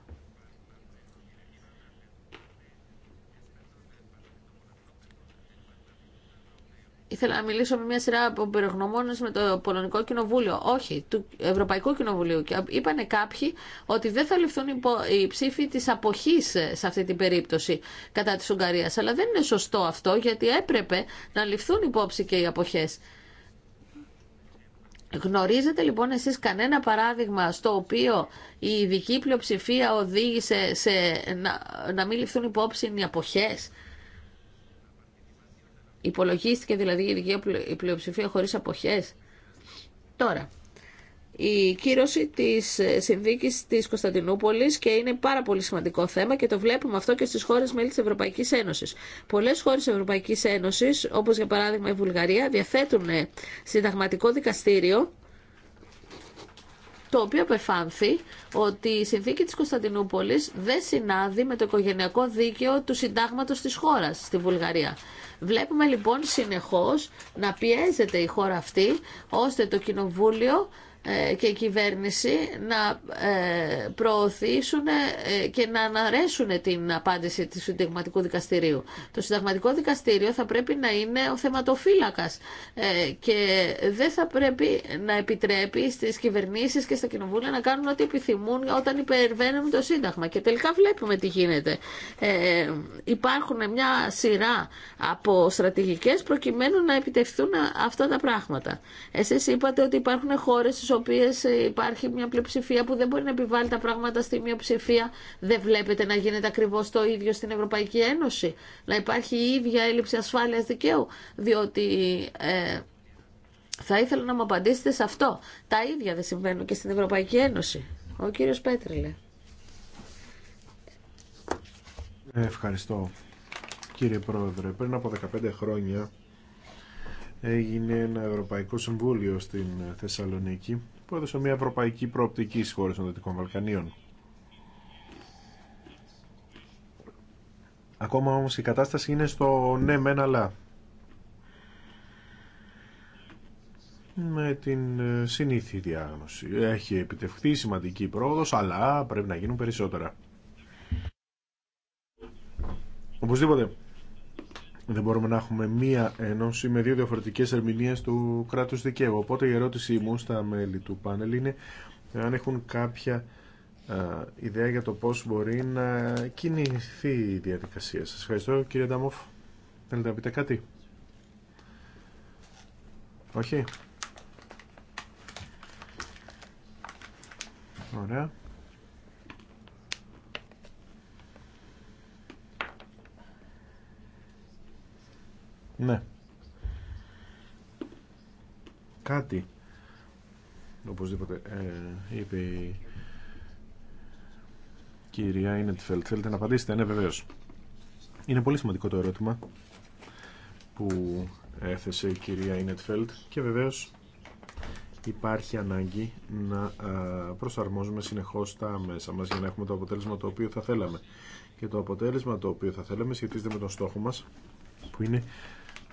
Ήθελα να μιλήσω με μια σειρά από περιογνωμόνε με το Πολωνικό Κοινοβούλιο. Όχι, του Ευρωπαϊκού Κοινοβουλίου. Και είπανε κάποιοι ότι δεν θα ληφθούν οι ψήφοι τη αποχή σε αυτή την περίπτωση κατά τη Ουγγαρία. Αλλά δεν είναι σωστό αυτό, γιατί έπρεπε να ληφθούν υπόψη και οι αποχέ. Γνωρίζετε λοιπόν εσείς κανένα παράδειγμα στο οποίο η ειδική πλειοψηφία οδήγησε σε να, να μην ληφθούν υπόψη οι αποχές. Υπολογίστηκε δηλαδή η ειδική πλειοψηφία χωρίς αποχές. Τώρα, η κύρωση της συνδίκης της Κωνσταντινούπολης και είναι πάρα πολύ σημαντικό θέμα και το βλέπουμε αυτό και στις χώρες μέλη της Ευρωπαϊκής Ένωσης. Πολλές χώρες της Ευρωπαϊκής Ένωσης, όπως για παράδειγμα η Βουλγαρία, διαθέτουν συνταγματικό δικαστήριο το οποίο απεφάνθη ότι η συνθήκη της Κωνσταντινούπολης δεν συνάδει με το οικογενειακό δίκαιο του συντάγματος της χώρας στη Βουλγαρία. Βλέπουμε λοιπόν συνεχώς να πιέζεται η χώρα αυτή ώστε το Κοινοβούλιο ε, και η κυβέρνηση να ε, προωθήσουν ε, και να αναρέσουν την απάντηση του Συνταγματικού Δικαστηρίου. Το Συνταγματικό Δικαστήριο θα πρέπει να είναι ο θεματοφύλακας και δεν θα πρέπει να επιτρέπει στις κυβερνήσεις και στα κοινοβούλια να κάνουν ό,τι επιθυμούν όταν υπερβαίνουν το Σύνταγμα. Και τελικά βλέπουμε τι γίνεται. υπάρχουν μια σειρά από στρατηγικές προκειμένου να επιτευχθούν αυτά τα πράγματα. Εσείς είπατε ότι υπάρχουν χώρες οποίε υπάρχει μια πλειοψηφία που δεν μπορεί να επιβάλλει τα πράγματα στη μειοψηφία, δεν βλέπετε να γίνεται ακριβώ το ίδιο στην Ευρωπαϊκή Ένωση. Να υπάρχει η ίδια έλλειψη ασφάλεια δικαίου, διότι... Ε, θα ήθελα να μου απαντήσετε σε αυτό. Τα ίδια δεν συμβαίνουν και στην Ευρωπαϊκή Ένωση. Ο κύριο Πέτριλε. Ευχαριστώ κύριε Πρόεδρε. Πριν από 15 χρόνια έγινε ένα Ευρωπαϊκό Συμβούλιο στην Θεσσαλονίκη που έδωσε μια ευρωπαϊκή προοπτική στις χώρες των Δυτικών Βαλκανίων. Ακόμα όμως η κατάσταση είναι στο ναι μεν αλλά. Με την ε, συνήθη διάγνωση. Έχει επιτευχθεί σημαντική πρόοδος αλλά πρέπει να γίνουν περισσότερα. Οπωσδήποτε δεν μπορούμε να έχουμε μία ένωση με δύο διαφορετικές ερμηνείε του κράτους δικαίου. Οπότε η ερώτησή μου στα μέλη του πάνελ είναι αν έχουν κάποια ιδέα για το πώς μπορεί να κινηθεί η διαδικασία. Σας ευχαριστώ κύριε Νταμόφ. Θέλετε να πείτε κάτι. Όχι. Ωραία. Ναι. Κάτι. Οπωσδήποτε. Ε, είπε η κυρία Ινετφέλτ. Θέλετε να απαντήσετε. Ναι, βεβαίω. Είναι πολύ σημαντικό το ερώτημα που έθεσε η κυρία Ινετφέλτ και βεβαίω υπάρχει ανάγκη να ε, προσαρμόζουμε συνεχώς τα μέσα μας για να έχουμε το αποτέλεσμα το οποίο θα θέλαμε. Και το αποτέλεσμα το οποίο θα θέλαμε σχετίζεται με τον στόχο μας που είναι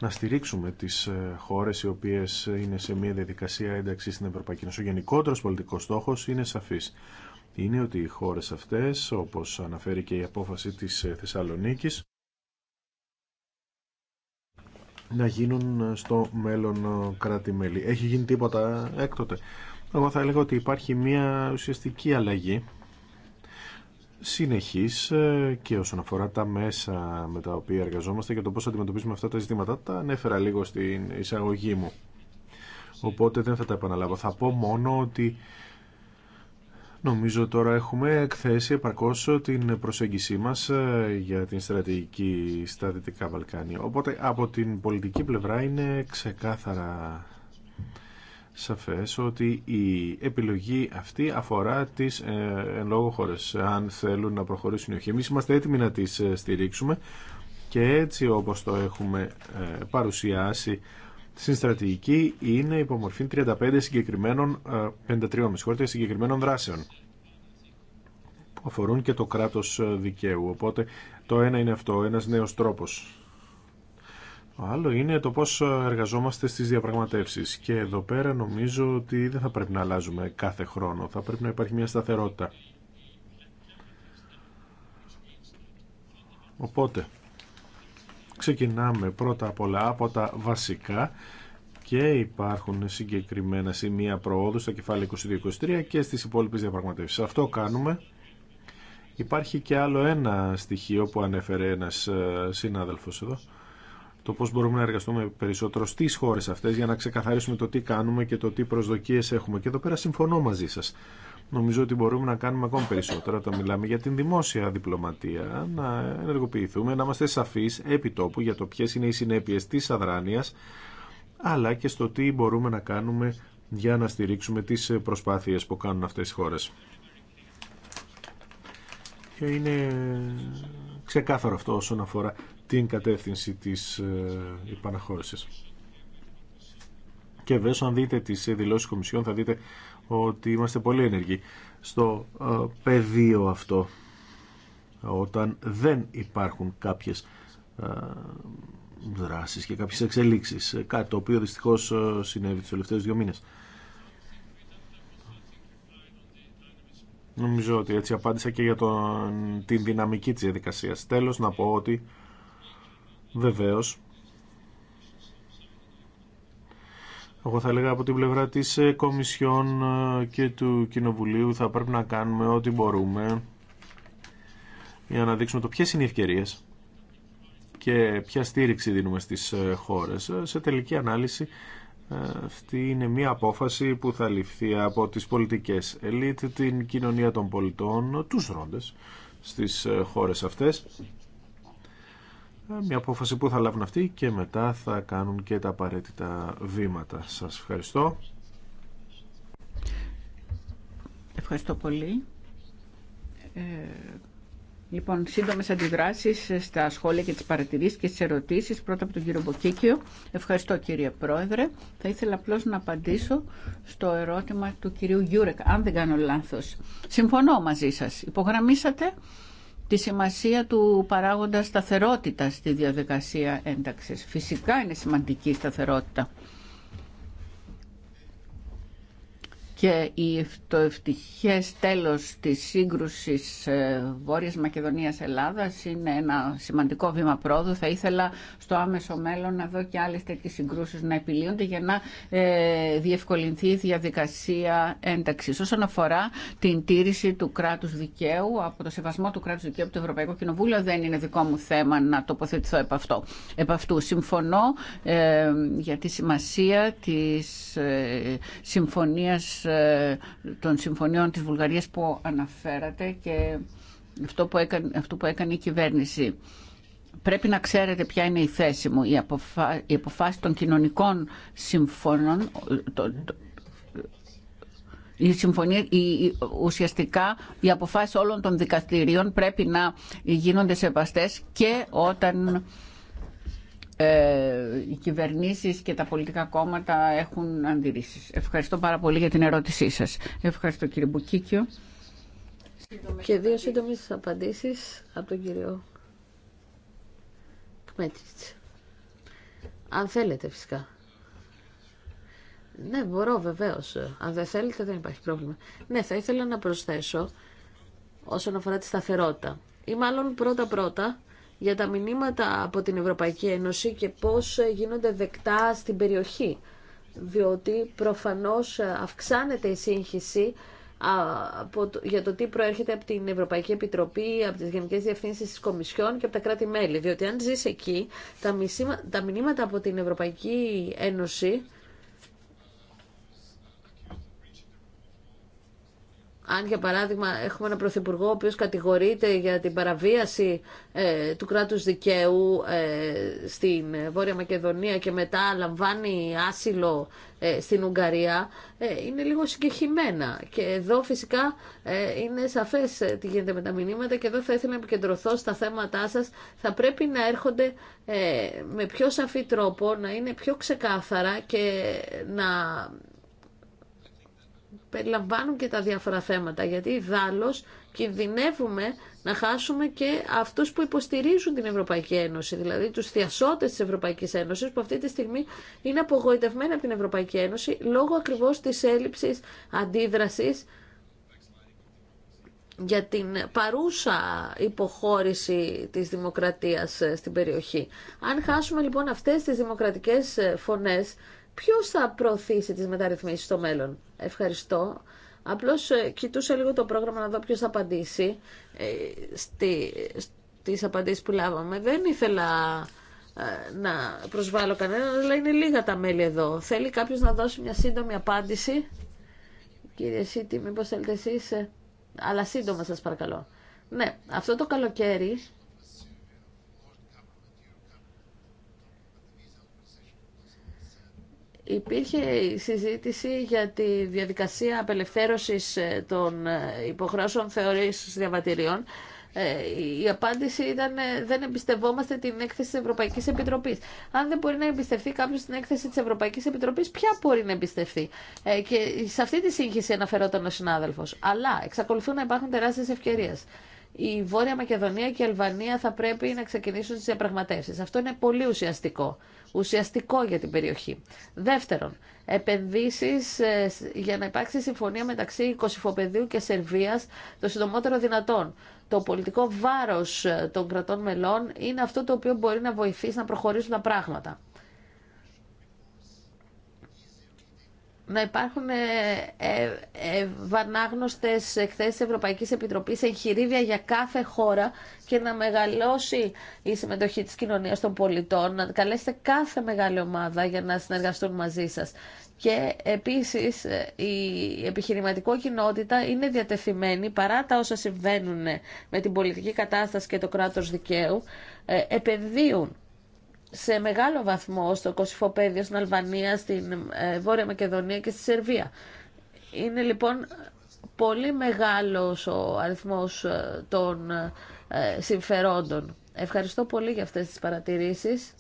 να στηρίξουμε τις ε, χώρες οι οποίες είναι σε μια διαδικασία ένταξη στην Ευρωπαϊκή Ένωση. Ο γενικότερος πολιτικός στόχος είναι σαφής. Είναι ότι οι χώρες αυτές, όπως αναφέρει και η απόφαση της ε, Θεσσαλονίκης, να γίνουν ε, στο μέλλον κράτη-μέλη. Έχει γίνει τίποτα έκτοτε. Εγώ θα έλεγα ότι υπάρχει μια ουσιαστική αλλαγή συνεχής ε, και όσον αφορά τα μέσα με τα οποία εργαζόμαστε και το πώς αντιμετωπίζουμε αυτά τα ζητήματα. Τα ανέφερα λίγο στην εισαγωγή μου. Οπότε δεν θα τα επαναλάβω. Θα πω μόνο ότι νομίζω τώρα έχουμε εκθέσει επαρκώς την προσέγγισή μας ε, για την στρατηγική στα Δυτικά Βαλκάνια. Οπότε από την πολιτική πλευρά είναι ξεκάθαρα σαφές ότι η επιλογή αυτή αφορά τις ε, εν λόγω χώρες αν θέλουν να προχωρήσουν ή όχι. Εμείς είμαστε έτοιμοι να τις ε, στηρίξουμε και έτσι όπως το έχουμε ε, παρουσιάσει στην στρατηγική είναι υπομορφή 35 συγκεκριμένων 53 συγχωρείτε, συγκεκριμένων δράσεων που αφορούν και το κράτος δικαίου. Οπότε το ένα είναι αυτό, ένας νέος τρόπος άλλο είναι το πώς εργαζόμαστε στις διαπραγματεύσεις. Και εδώ πέρα νομίζω ότι δεν θα πρέπει να αλλάζουμε κάθε χρόνο. Θα πρέπει να υπάρχει μια σταθερότητα. Οπότε, ξεκινάμε πρώτα απ' όλα από τα βασικά και υπάρχουν συγκεκριμένα σημεία προόδου στα κεφάλαια 22-23 και στις υπόλοιπες διαπραγματεύσεις. Αυτό κάνουμε. Υπάρχει και άλλο ένα στοιχείο που ανέφερε ένας ε, συνάδελφος εδώ το πώς μπορούμε να εργαστούμε περισσότερο στις χώρες αυτές για να ξεκαθαρίσουμε το τι κάνουμε και το τι προσδοκίες έχουμε. Και εδώ πέρα συμφωνώ μαζί σας. Νομίζω ότι μπορούμε να κάνουμε ακόμη περισσότερα όταν μιλάμε για την δημόσια διπλωματία, να ενεργοποιηθούμε, να είμαστε σαφείς επί τόπου για το ποιες είναι οι συνέπειες της αδράνειας, αλλά και στο τι μπορούμε να κάνουμε για να στηρίξουμε τις προσπάθειες που κάνουν αυτές οι χώρες. Και είναι ξεκάθαρο αυτό όσον αφορά την κατεύθυνση της υπαναχώρησης. Ε, και βέβαια, αν δείτε τις δηλώσεις Κομισιόν, θα δείτε ότι είμαστε πολύ ενεργοί στο ε, πεδίο αυτό, όταν δεν υπάρχουν κάποιες ε, δράσεις και κάποιες εξελίξεις, κάτι το οποίο δυστυχώς συνέβη τις τελευταίες δύο μήνες. Νομίζω ότι έτσι απάντησα και για τον, την δυναμική της διαδικασίας. Τέλος να πω ότι Βεβαίως, εγώ θα έλεγα από την πλευρά της ε, Κομισιόν ε, και του Κοινοβουλίου θα πρέπει να κάνουμε ό,τι μπορούμε για να δείξουμε το ποιες είναι οι ευκαιρίες και ποια στήριξη δίνουμε στις ε, χώρες. Σε τελική ανάλυση αυτή είναι μια απόφαση που θα ληφθεί από τις πολιτικές ελίτ, την κοινωνία των πολιτών, τους ρόντες στις χώρες αυτές ε, μια απόφαση που θα λάβουν αυτοί και μετά θα κάνουν και τα απαραίτητα βήματα. Σας ευχαριστώ. Ευχαριστώ πολύ. Ε, λοιπόν, σύντομες αντιδράσεις στα σχόλια και τις παρατηρήσεις και τις ερωτήσεις. Πρώτα από τον κύριο Μποκίκιο. Ευχαριστώ κύριε Πρόεδρε. Θα ήθελα απλώ να απαντήσω στο ερώτημα του κυρίου Γιούρεκ, αν δεν κάνω λάθος. Συμφωνώ μαζί σας. Υπογραμμίσατε τη σημασία του παράγοντα σταθερότητα στη διαδικασία ένταξης. Φυσικά είναι σημαντική η σταθερότητα. και το ευτυχές τέλος της σύγκρουσης ε, Βόρειας Μακεδονίας Ελλάδας είναι ένα σημαντικό βήμα πρόοδου. Θα ήθελα στο άμεσο μέλλον να δω και άλλες τέτοιες συγκρούσεις να επιλύονται για να ε, διευκολυνθεί η διαδικασία ένταξης. Όσον αφορά την τήρηση του κράτους δικαίου, από το σεβασμό του κράτους δικαίου από το Ευρωπαϊκό Κοινοβούλιο δεν είναι δικό μου θέμα να τοποθετηθώ επ, αυτού. Συμφωνώ ε, για τη σημασία της συμφωνίας ε, των συμφωνιών της Βουλγαρίας που αναφέρατε και αυτό που έκανε, αυτό που έκανε η κυβέρνηση. Πρέπει να ξέρετε ποια είναι η θέση μου. Η, αποφάση των κοινωνικών συμφώνων, το... η συμφωνία, η... ουσιαστικά οι αποφάσεις όλων των δικαστηρίων πρέπει να γίνονται σεβαστές και όταν ε, οι κυβερνήσεις και τα πολιτικά κόμματα έχουν αντιρρήσεις. Ευχαριστώ πάρα πολύ για την ερώτησή σας. Ευχαριστώ κύριε Μπουκίκιο. Και δύο σύντομες απαντήσεις από τον κύριο Κμέτριτς. Αν θέλετε φυσικά. Ναι, μπορώ βεβαίως. Αν δεν θέλετε δεν υπάρχει πρόβλημα. Ναι, θα ήθελα να προσθέσω όσον αφορά τη σταθερότητα. Ή μάλλον πρώτα-πρώτα για τα μηνύματα από την Ευρωπαϊκή Ένωση και πώς γίνονται δεκτά στην περιοχή. Διότι προφανώς αυξάνεται η σύγχυση από για το τι προέρχεται από την Ευρωπαϊκή Επιτροπή, από τις Γενικές Διευθύνσεις της Κομισιόν και από τα κράτη-μέλη. Διότι αν ζεις εκεί, τα, τα μηνύματα από την Ευρωπαϊκή Ένωση αν για παράδειγμα έχουμε ένα Πρωθυπουργό ο οποίος κατηγορείται για την παραβίαση ε, του κράτους δικαίου ε, στην Βόρεια Μακεδονία και μετά λαμβάνει άσυλο ε, στην Ουγγαρία, είναι λίγο συγκεχημένα. Και εδώ φυσικά είναι σαφές τι γίνεται με τα μηνύματα και εδώ θα ήθελα να επικεντρωθώ στα θέματά σας. Θα πρέπει να έρχονται με πιο σαφή τρόπο, να είναι πιο ξεκάθαρα και να περιλαμβάνουν και τα διάφορα θέματα, γιατί δάλλως κινδυνεύουμε να χάσουμε και αυτούς που υποστηρίζουν την Ευρωπαϊκή Ένωση, δηλαδή τους θειασότες της Ευρωπαϊκής Ένωσης, που αυτή τη στιγμή είναι απογοητευμένοι από την Ευρωπαϊκή Ένωση, λόγω ακριβώς της έλλειψης αντίδρασης για την παρούσα υποχώρηση της δημοκρατίας στην περιοχή. Αν χάσουμε λοιπόν αυτές τις δημοκρατικές φωνές, Ποιο θα προωθήσει τις μεταρρυθμίσει στο μέλλον. Ευχαριστώ. Απλώς ε, κοιτούσα λίγο το πρόγραμμα να δω ποιος θα απαντήσει ε, στη, στις απαντήσεις που λάβαμε. Δεν ήθελα ε, να προσβάλλω κανέναν, αλλά είναι λίγα τα μέλη εδώ. Θέλει κάποιο να δώσει μια σύντομη απάντηση. Κύριε Σίτη, μήπω θέλετε εσείς, αλλά σύντομα σας παρακαλώ. Ναι, αυτό το καλοκαίρι Υπήρχε συζήτηση για τη διαδικασία απελευθέρωσης ε, των ε, υποχρεώσεων θεωρήσεων διαβατηρίων. Ε, η απάντηση ήταν δεν εμπιστευόμαστε την έκθεση της Ευρωπαϊκής Επιτροπής. Αν δεν μπορεί να εμπιστευτεί κάποιος την έκθεση της Ευρωπαϊκής Επιτροπής, ποια μπορεί να εμπιστευτεί. Και σε αυτή τη σύγχυση αναφερόταν ο συνάδελφος. Αλλά εξακολουθούν να υπάρχουν τεράστιες ευκαιρίες. Η Βόρεια Μακεδονία και η Αλβανία θα πρέπει να ξεκινήσουν τις διαπραγματεύσεις. Αυτό είναι πολύ ουσιαστικό ουσιαστικό για την περιοχή. Δεύτερον, επενδύσεις ε, για να υπάρξει συμφωνία μεταξύ Κωσυφοπεδίου και Σερβίας το συντομότερο δυνατόν. Το πολιτικό βάρος ε, των κρατών μελών είναι αυτό το οποίο μπορεί να βοηθήσει να προχωρήσουν τα πράγματα. να υπάρχουν ε, ε, ε, βανάγνωστες εκθέσεις Ευρωπαϊκής Επιτροπής εγχειρίδια για κάθε χώρα και να μεγαλώσει η συμμετοχή της κοινωνίας των πολιτών, να καλέσετε κάθε μεγάλη ομάδα για να συνεργαστούν μαζί σας. Και επίσης η επιχειρηματικό κοινότητα είναι διατεθειμένη παρά τα όσα συμβαίνουν με την πολιτική κατάσταση και το κράτος δικαίου, επενδύουν σε μεγάλο βαθμό στο Κωσυφοπέδιο, στην Αλβανία, στην ε, Βόρεια Μακεδονία και στη Σερβία. Είναι λοιπόν πολύ μεγάλος ο αριθμός ε, των ε, συμφερόντων. Ευχαριστώ πολύ για αυτές τις παρατηρήσεις.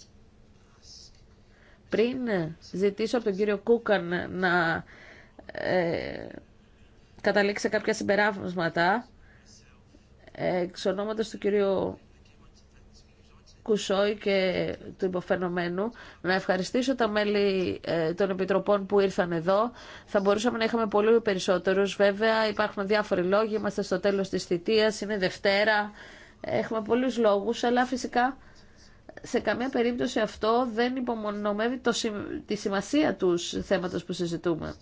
Πριν ζητήσω από τον κύριο Κούκαν να καταλήξει σε κάποια συμπεράσματα, εξ του κυρίου Κουσόη και του υποφαινομένου, να ευχαριστήσω τα μέλη ε, των επιτροπών που ήρθαν εδώ. Θα μπορούσαμε να είχαμε πολύ περισσότερους. Βέβαια υπάρχουν διάφοροι λόγοι, είμαστε στο τέλος της θητείας, είναι Δευτέρα, έχουμε πολλούς λόγους, αλλά φυσικά σε καμία περίπτωση αυτό δεν υπομονωμεύει το, τη σημασία του θέματος που συζητούμε.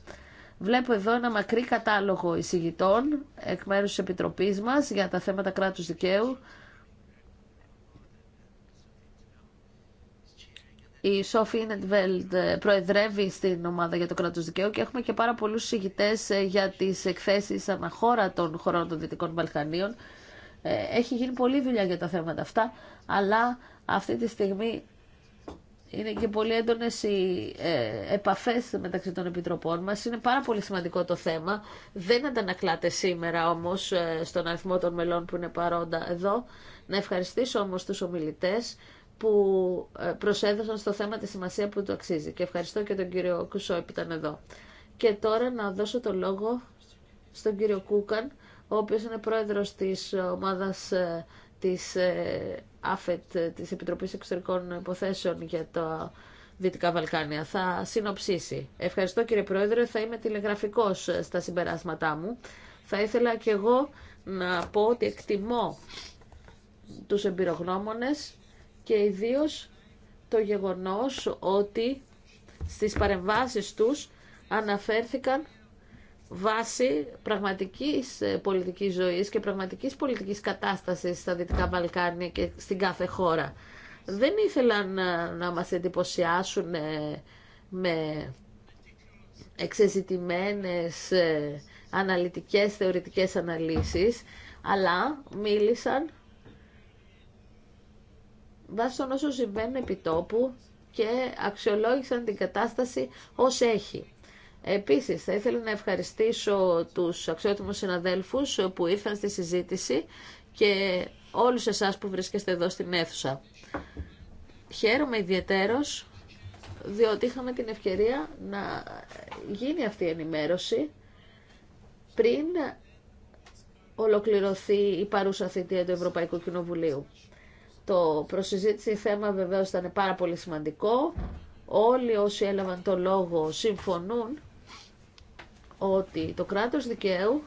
Βλέπω εδώ ένα μακρύ κατάλογο εισηγητών εκ μέρους της Επιτροπής μας για τα θέματα κράτους δικαίου. Η Σόφι Ινετβέλντ ε, προεδρεύει στην ομάδα για το κράτο δικαίου και έχουμε και πάρα πολλού συγητέ ε, για τι εκθέσει αναχώρα των χωρών των Δυτικών Βαλκανίων. Ε, έχει γίνει πολλή δουλειά για τα θέματα αυτά, αλλά αυτή τη στιγμή είναι και πολύ έντονε οι επαφέ μεταξύ των επιτροπών μα. Είναι πάρα πολύ σημαντικό το θέμα. Δεν αντανακλάται σήμερα όμω στον αριθμό των μελών που είναι παρόντα εδώ. Να ευχαριστήσω όμω του ομιλητέ που ε, προσέδωσαν στο θέμα τη σημασία που του αξίζει. Και ευχαριστώ και τον κύριο Κουσό που ήταν εδώ. Και τώρα να δώσω το λόγο στον κύριο Κούκαν, ο οποίος είναι πρόεδρος της ομάδας ε, της ε, ΑΦΕΤ, της Επιτροπής Εξωτερικών Υποθέσεων για το Δυτικά Βαλκάνια. Θα συνοψίσει. Ευχαριστώ κύριε Πρόεδρε, θα είμαι τηλεγραφικός στα συμπεράσματά μου. Θα ήθελα και εγώ να πω ότι εκτιμώ τους εμπειρογνώμονες και ιδίως το γεγονός ότι στις παρεμβάσεις τους αναφέρθηκαν βάση πραγματικής ε, πολιτικής ζωής και πραγματικής πολιτικής κατάστασης στα Δυτικά Βαλκάνια και στην κάθε χώρα. Δεν ήθελαν ε, να μας εντυπωσιάσουν ε, με εξεζητημένες αναλυτικές θεωρητικές αναλύσεις, αλλά μίλησαν βάσει όσο όσων συμβαίνουν επί τόπου και αξιολόγησαν την κατάσταση ως έχει. Επίσης, θα ήθελα να ευχαριστήσω τους αξιότιμους συναδέλφους που ήρθαν στη συζήτηση και όλους εσάς που βρίσκεστε εδώ στην αίθουσα. Χαίρομαι ιδιαίτερος διότι είχαμε την ευκαιρία να γίνει αυτή η ενημέρωση πριν ολοκληρωθεί η παρούσα θητεία του Ευρωπαϊκού Κοινοβουλίου. Το προσυζήτηση θέμα βεβαίως ήταν πάρα πολύ σημαντικό. Όλοι όσοι έλαβαν το λόγο συμφωνούν ότι το κράτος δικαίου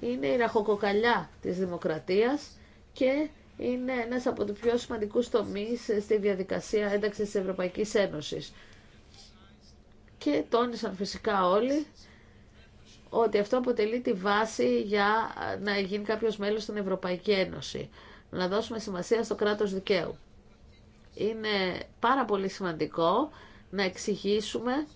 είναι η ραχοκοκαλιά της δημοκρατίας και είναι ένας από τους πιο σημαντικούς τομείς στη διαδικασία ένταξης της Ευρωπαϊκής Ένωσης. Και τόνισαν φυσικά όλοι ότι αυτό αποτελεί τη βάση για να γίνει κάποιος μέλος στην Ευρωπαϊκή Ένωση να δώσουμε σημασία στο κράτος δικαίου. Είναι πάρα πολύ σημαντικό να εξηγήσουμε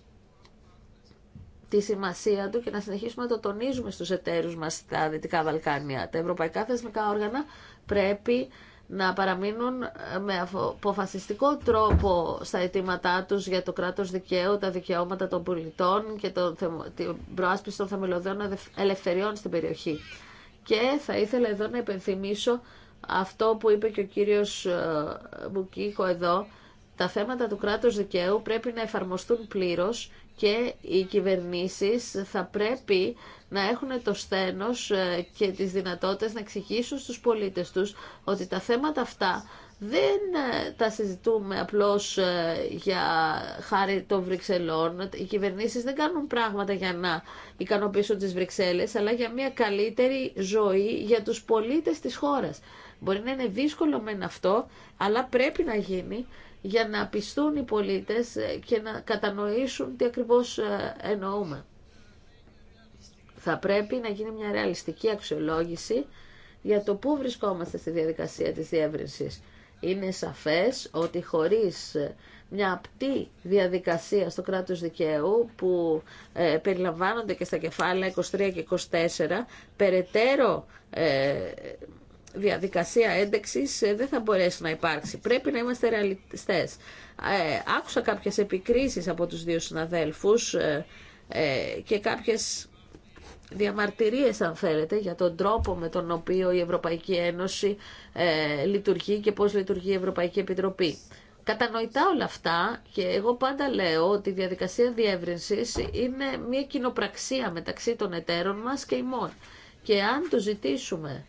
τη σημασία του και να συνεχίσουμε να το τονίζουμε στους εταίρους μας στα Δυτικά Βαλκάνια. Τα ευρωπαϊκά θεσμικά όργανα πρέπει να παραμείνουν ε, με αποφασιστικό τρόπο στα αιτήματά τους για το κράτος δικαίου, τα δικαιώματα των πολιτών και το, την προάσπιση των θεμελιωδών ελευθεριών στην περιοχή. Και θα ήθελα εδώ να υπενθυμίσω αυτό που είπε και ο κύριος ε, Μπουκίχο εδώ, τα θέματα του κράτους δικαίου πρέπει να εφαρμοστούν πλήρως και οι κυβερνήσεις θα πρέπει να έχουν το σθένος ε, και τις δυνατότητες να εξηγήσουν στους πολίτες τους ότι τα θέματα αυτά δεν ε, τα συζητούμε απλώς για χάρη των Βρυξελών. Οι κυβερνήσεις δεν κάνουν πράγματα για να ικανοποιήσουν τις Βρυξέλλες, αλλά για μια καλύτερη ζωή για τους πολίτες της χώρας. Μπορεί να είναι δύσκολο μεν αυτό, αλλά πρέπει να γίνει για να πιστούν οι πολίτες ε, και να κατανοήσουν τι ακριβώς ε, εννοούμε. Θα πρέπει να γίνει μια ρεαλιστική αξιολόγηση για το πού βρισκόμαστε στη διαδικασία της διεύρυνσης. Είναι σαφές ότι χωρίς ε, μια απτή διαδικασία στο κράτος δικαίου που περιλαμβάνονται και στα κεφάλαια 23 και 24, περαιτέρω διαδικασία ένταξης ε, δεν θα μπορέσει να υπάρξει. Πρέπει να είμαστε ρεαλιστές. Ε, άκουσα κάποιες επικρίσεις από τους δύο συναδέλφους ε, και κάποιες διαμαρτυρίες αν θέλετε για τον τρόπο με τον οποίο η Ευρωπαϊκή Ένωση λειτουργεί και πώς λειτουργεί η Ευρωπαϊκή Επιτροπή. Κατανοητά όλα αυτά και εγώ πάντα λέω ότι η διαδικασία διεύρυνσης είναι μια κοινοπραξία μεταξύ των εταίρων μας και ημών. Και αν το ζητήσουμε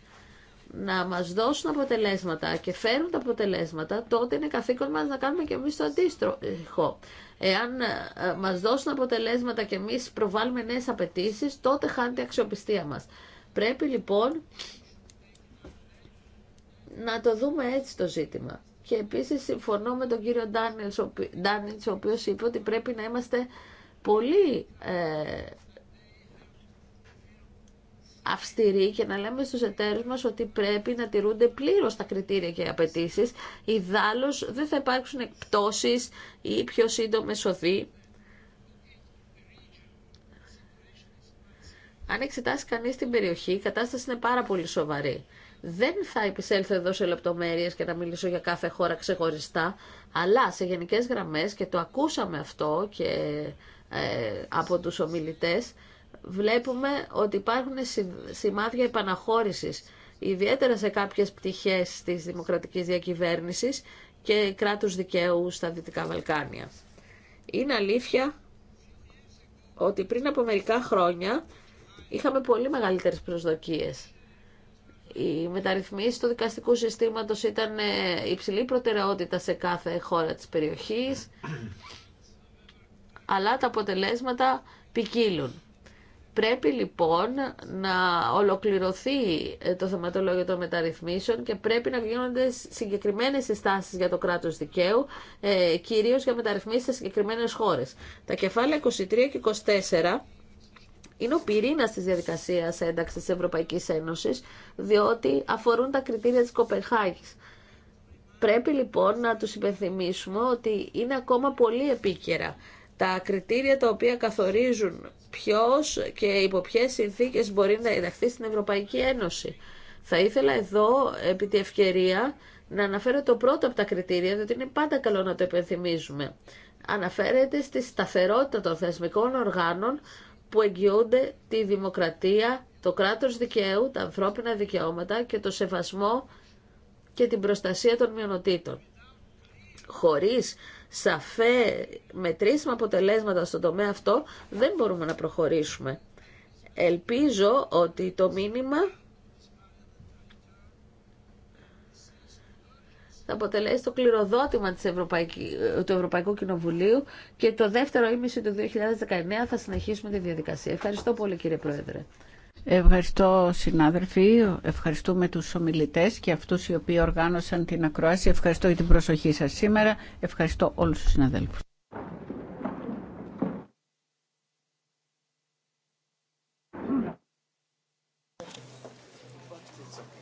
να μας δώσουν αποτελέσματα και φέρουν τα αποτελέσματα, τότε είναι καθήκον μας να κάνουμε και εμείς το αντίστροφο. Εάν ε, μας δώσουν αποτελέσματα και εμείς προβάλλουμε νέες απαιτήσει, τότε χάνεται η αξιοπιστία μας. Πρέπει λοιπόν να το δούμε έτσι το ζήτημα. Και επίσης συμφωνώ με τον κύριο Ντάνιτς, ο οποίος είπε ότι πρέπει να είμαστε πολύ ε, αυστηροί και να λέμε στους εταίρους μας ότι πρέπει να τηρούνται πλήρως τα κριτήρια και οι απαιτήσεις. Ιδάλλως δεν θα υπάρξουν εκπτώσεις ή πιο σύντομες οδοί. Αν εξετάσει κανείς την περιοχή, η κατάσταση είναι πάρα πολύ σοβαρή. Δεν θα επισέλθω εδώ σε λεπτομέρειες και να μιλήσω για κάθε χώρα ξεχωριστά, αλλά σε γενικές γραμμές, και το ακούσαμε αυτό και ε, από τους ομιλητές, βλέπουμε ότι υπάρχουν σημάδια επαναχώρησης, ιδιαίτερα σε κάποιες πτυχές της δημοκρατικής διακυβέρνησης και κράτους δικαίου στα Δυτικά Βαλκάνια. Είναι αλήθεια ότι πριν από μερικά χρόνια είχαμε πολύ μεγαλύτερες προσδοκίες. Οι μεταρρυθμίσεις του δικαστικού συστήματος ήταν ε, υψηλή προτεραιότητα σε κάθε χώρα της περιοχής, αλλά τα αποτελέσματα ποικίλουν. Πρέπει λοιπόν να ολοκληρωθεί ε, το θεματολόγιο των μεταρρυθμίσεων και πρέπει να γίνονται συγκεκριμένες συστάσεις για το κράτος δικαίου, ε, κυρίως για μεταρρυθμίσεις σε συγκεκριμένες χώρες. Τα κεφάλαια 23 και 24 είναι ο πυρήνα τη διαδικασία ένταξη τη Ευρωπαϊκή Ένωσης, διότι αφορούν τα κριτήρια της Κοπενχάγης. Πρέπει λοιπόν να τους υπενθυμίσουμε ότι είναι ακόμα πολύ επίκαιρα. Τα κριτήρια τα οποία καθορίζουν ποιος και υπό ποιες συνθήκες μπορεί να ενταχθεί στην Ευρωπαϊκή Ένωση. Θα ήθελα εδώ, επί τη ευκαιρία, να αναφέρω το πρώτο από τα κριτήρια, διότι είναι πάντα καλό να το υπενθυμίζουμε. Αναφέρεται στη σταθερότητα των θεσμικών οργάνων που εγγυούνται τη δημοκρατία, το κράτος δικαίου, τα ανθρώπινα δικαιώματα και το σεβασμό και την προστασία των μειονοτήτων. Χωρίς σαφέ μετρήσιμα αποτελέσματα στον τομέα αυτό, δεν μπορούμε να προχωρήσουμε. Ελπίζω ότι το μήνυμα θα αποτελέσει το κληροδότημα της Ευρωπαϊκή, του Ευρωπαϊκού Κοινοβουλίου και το δεύτερο ήμιση του 2019 θα συνεχίσουμε τη διαδικασία. Ευχαριστώ πολύ κύριε Πρόεδρε. Ευχαριστώ συνάδελφοι, ευχαριστούμε τους ομιλητές και αυτούς οι οποίοι οργάνωσαν την ακρόαση. Ευχαριστώ για την προσοχή σας σήμερα, ευχαριστώ όλους τους συναδέλφους.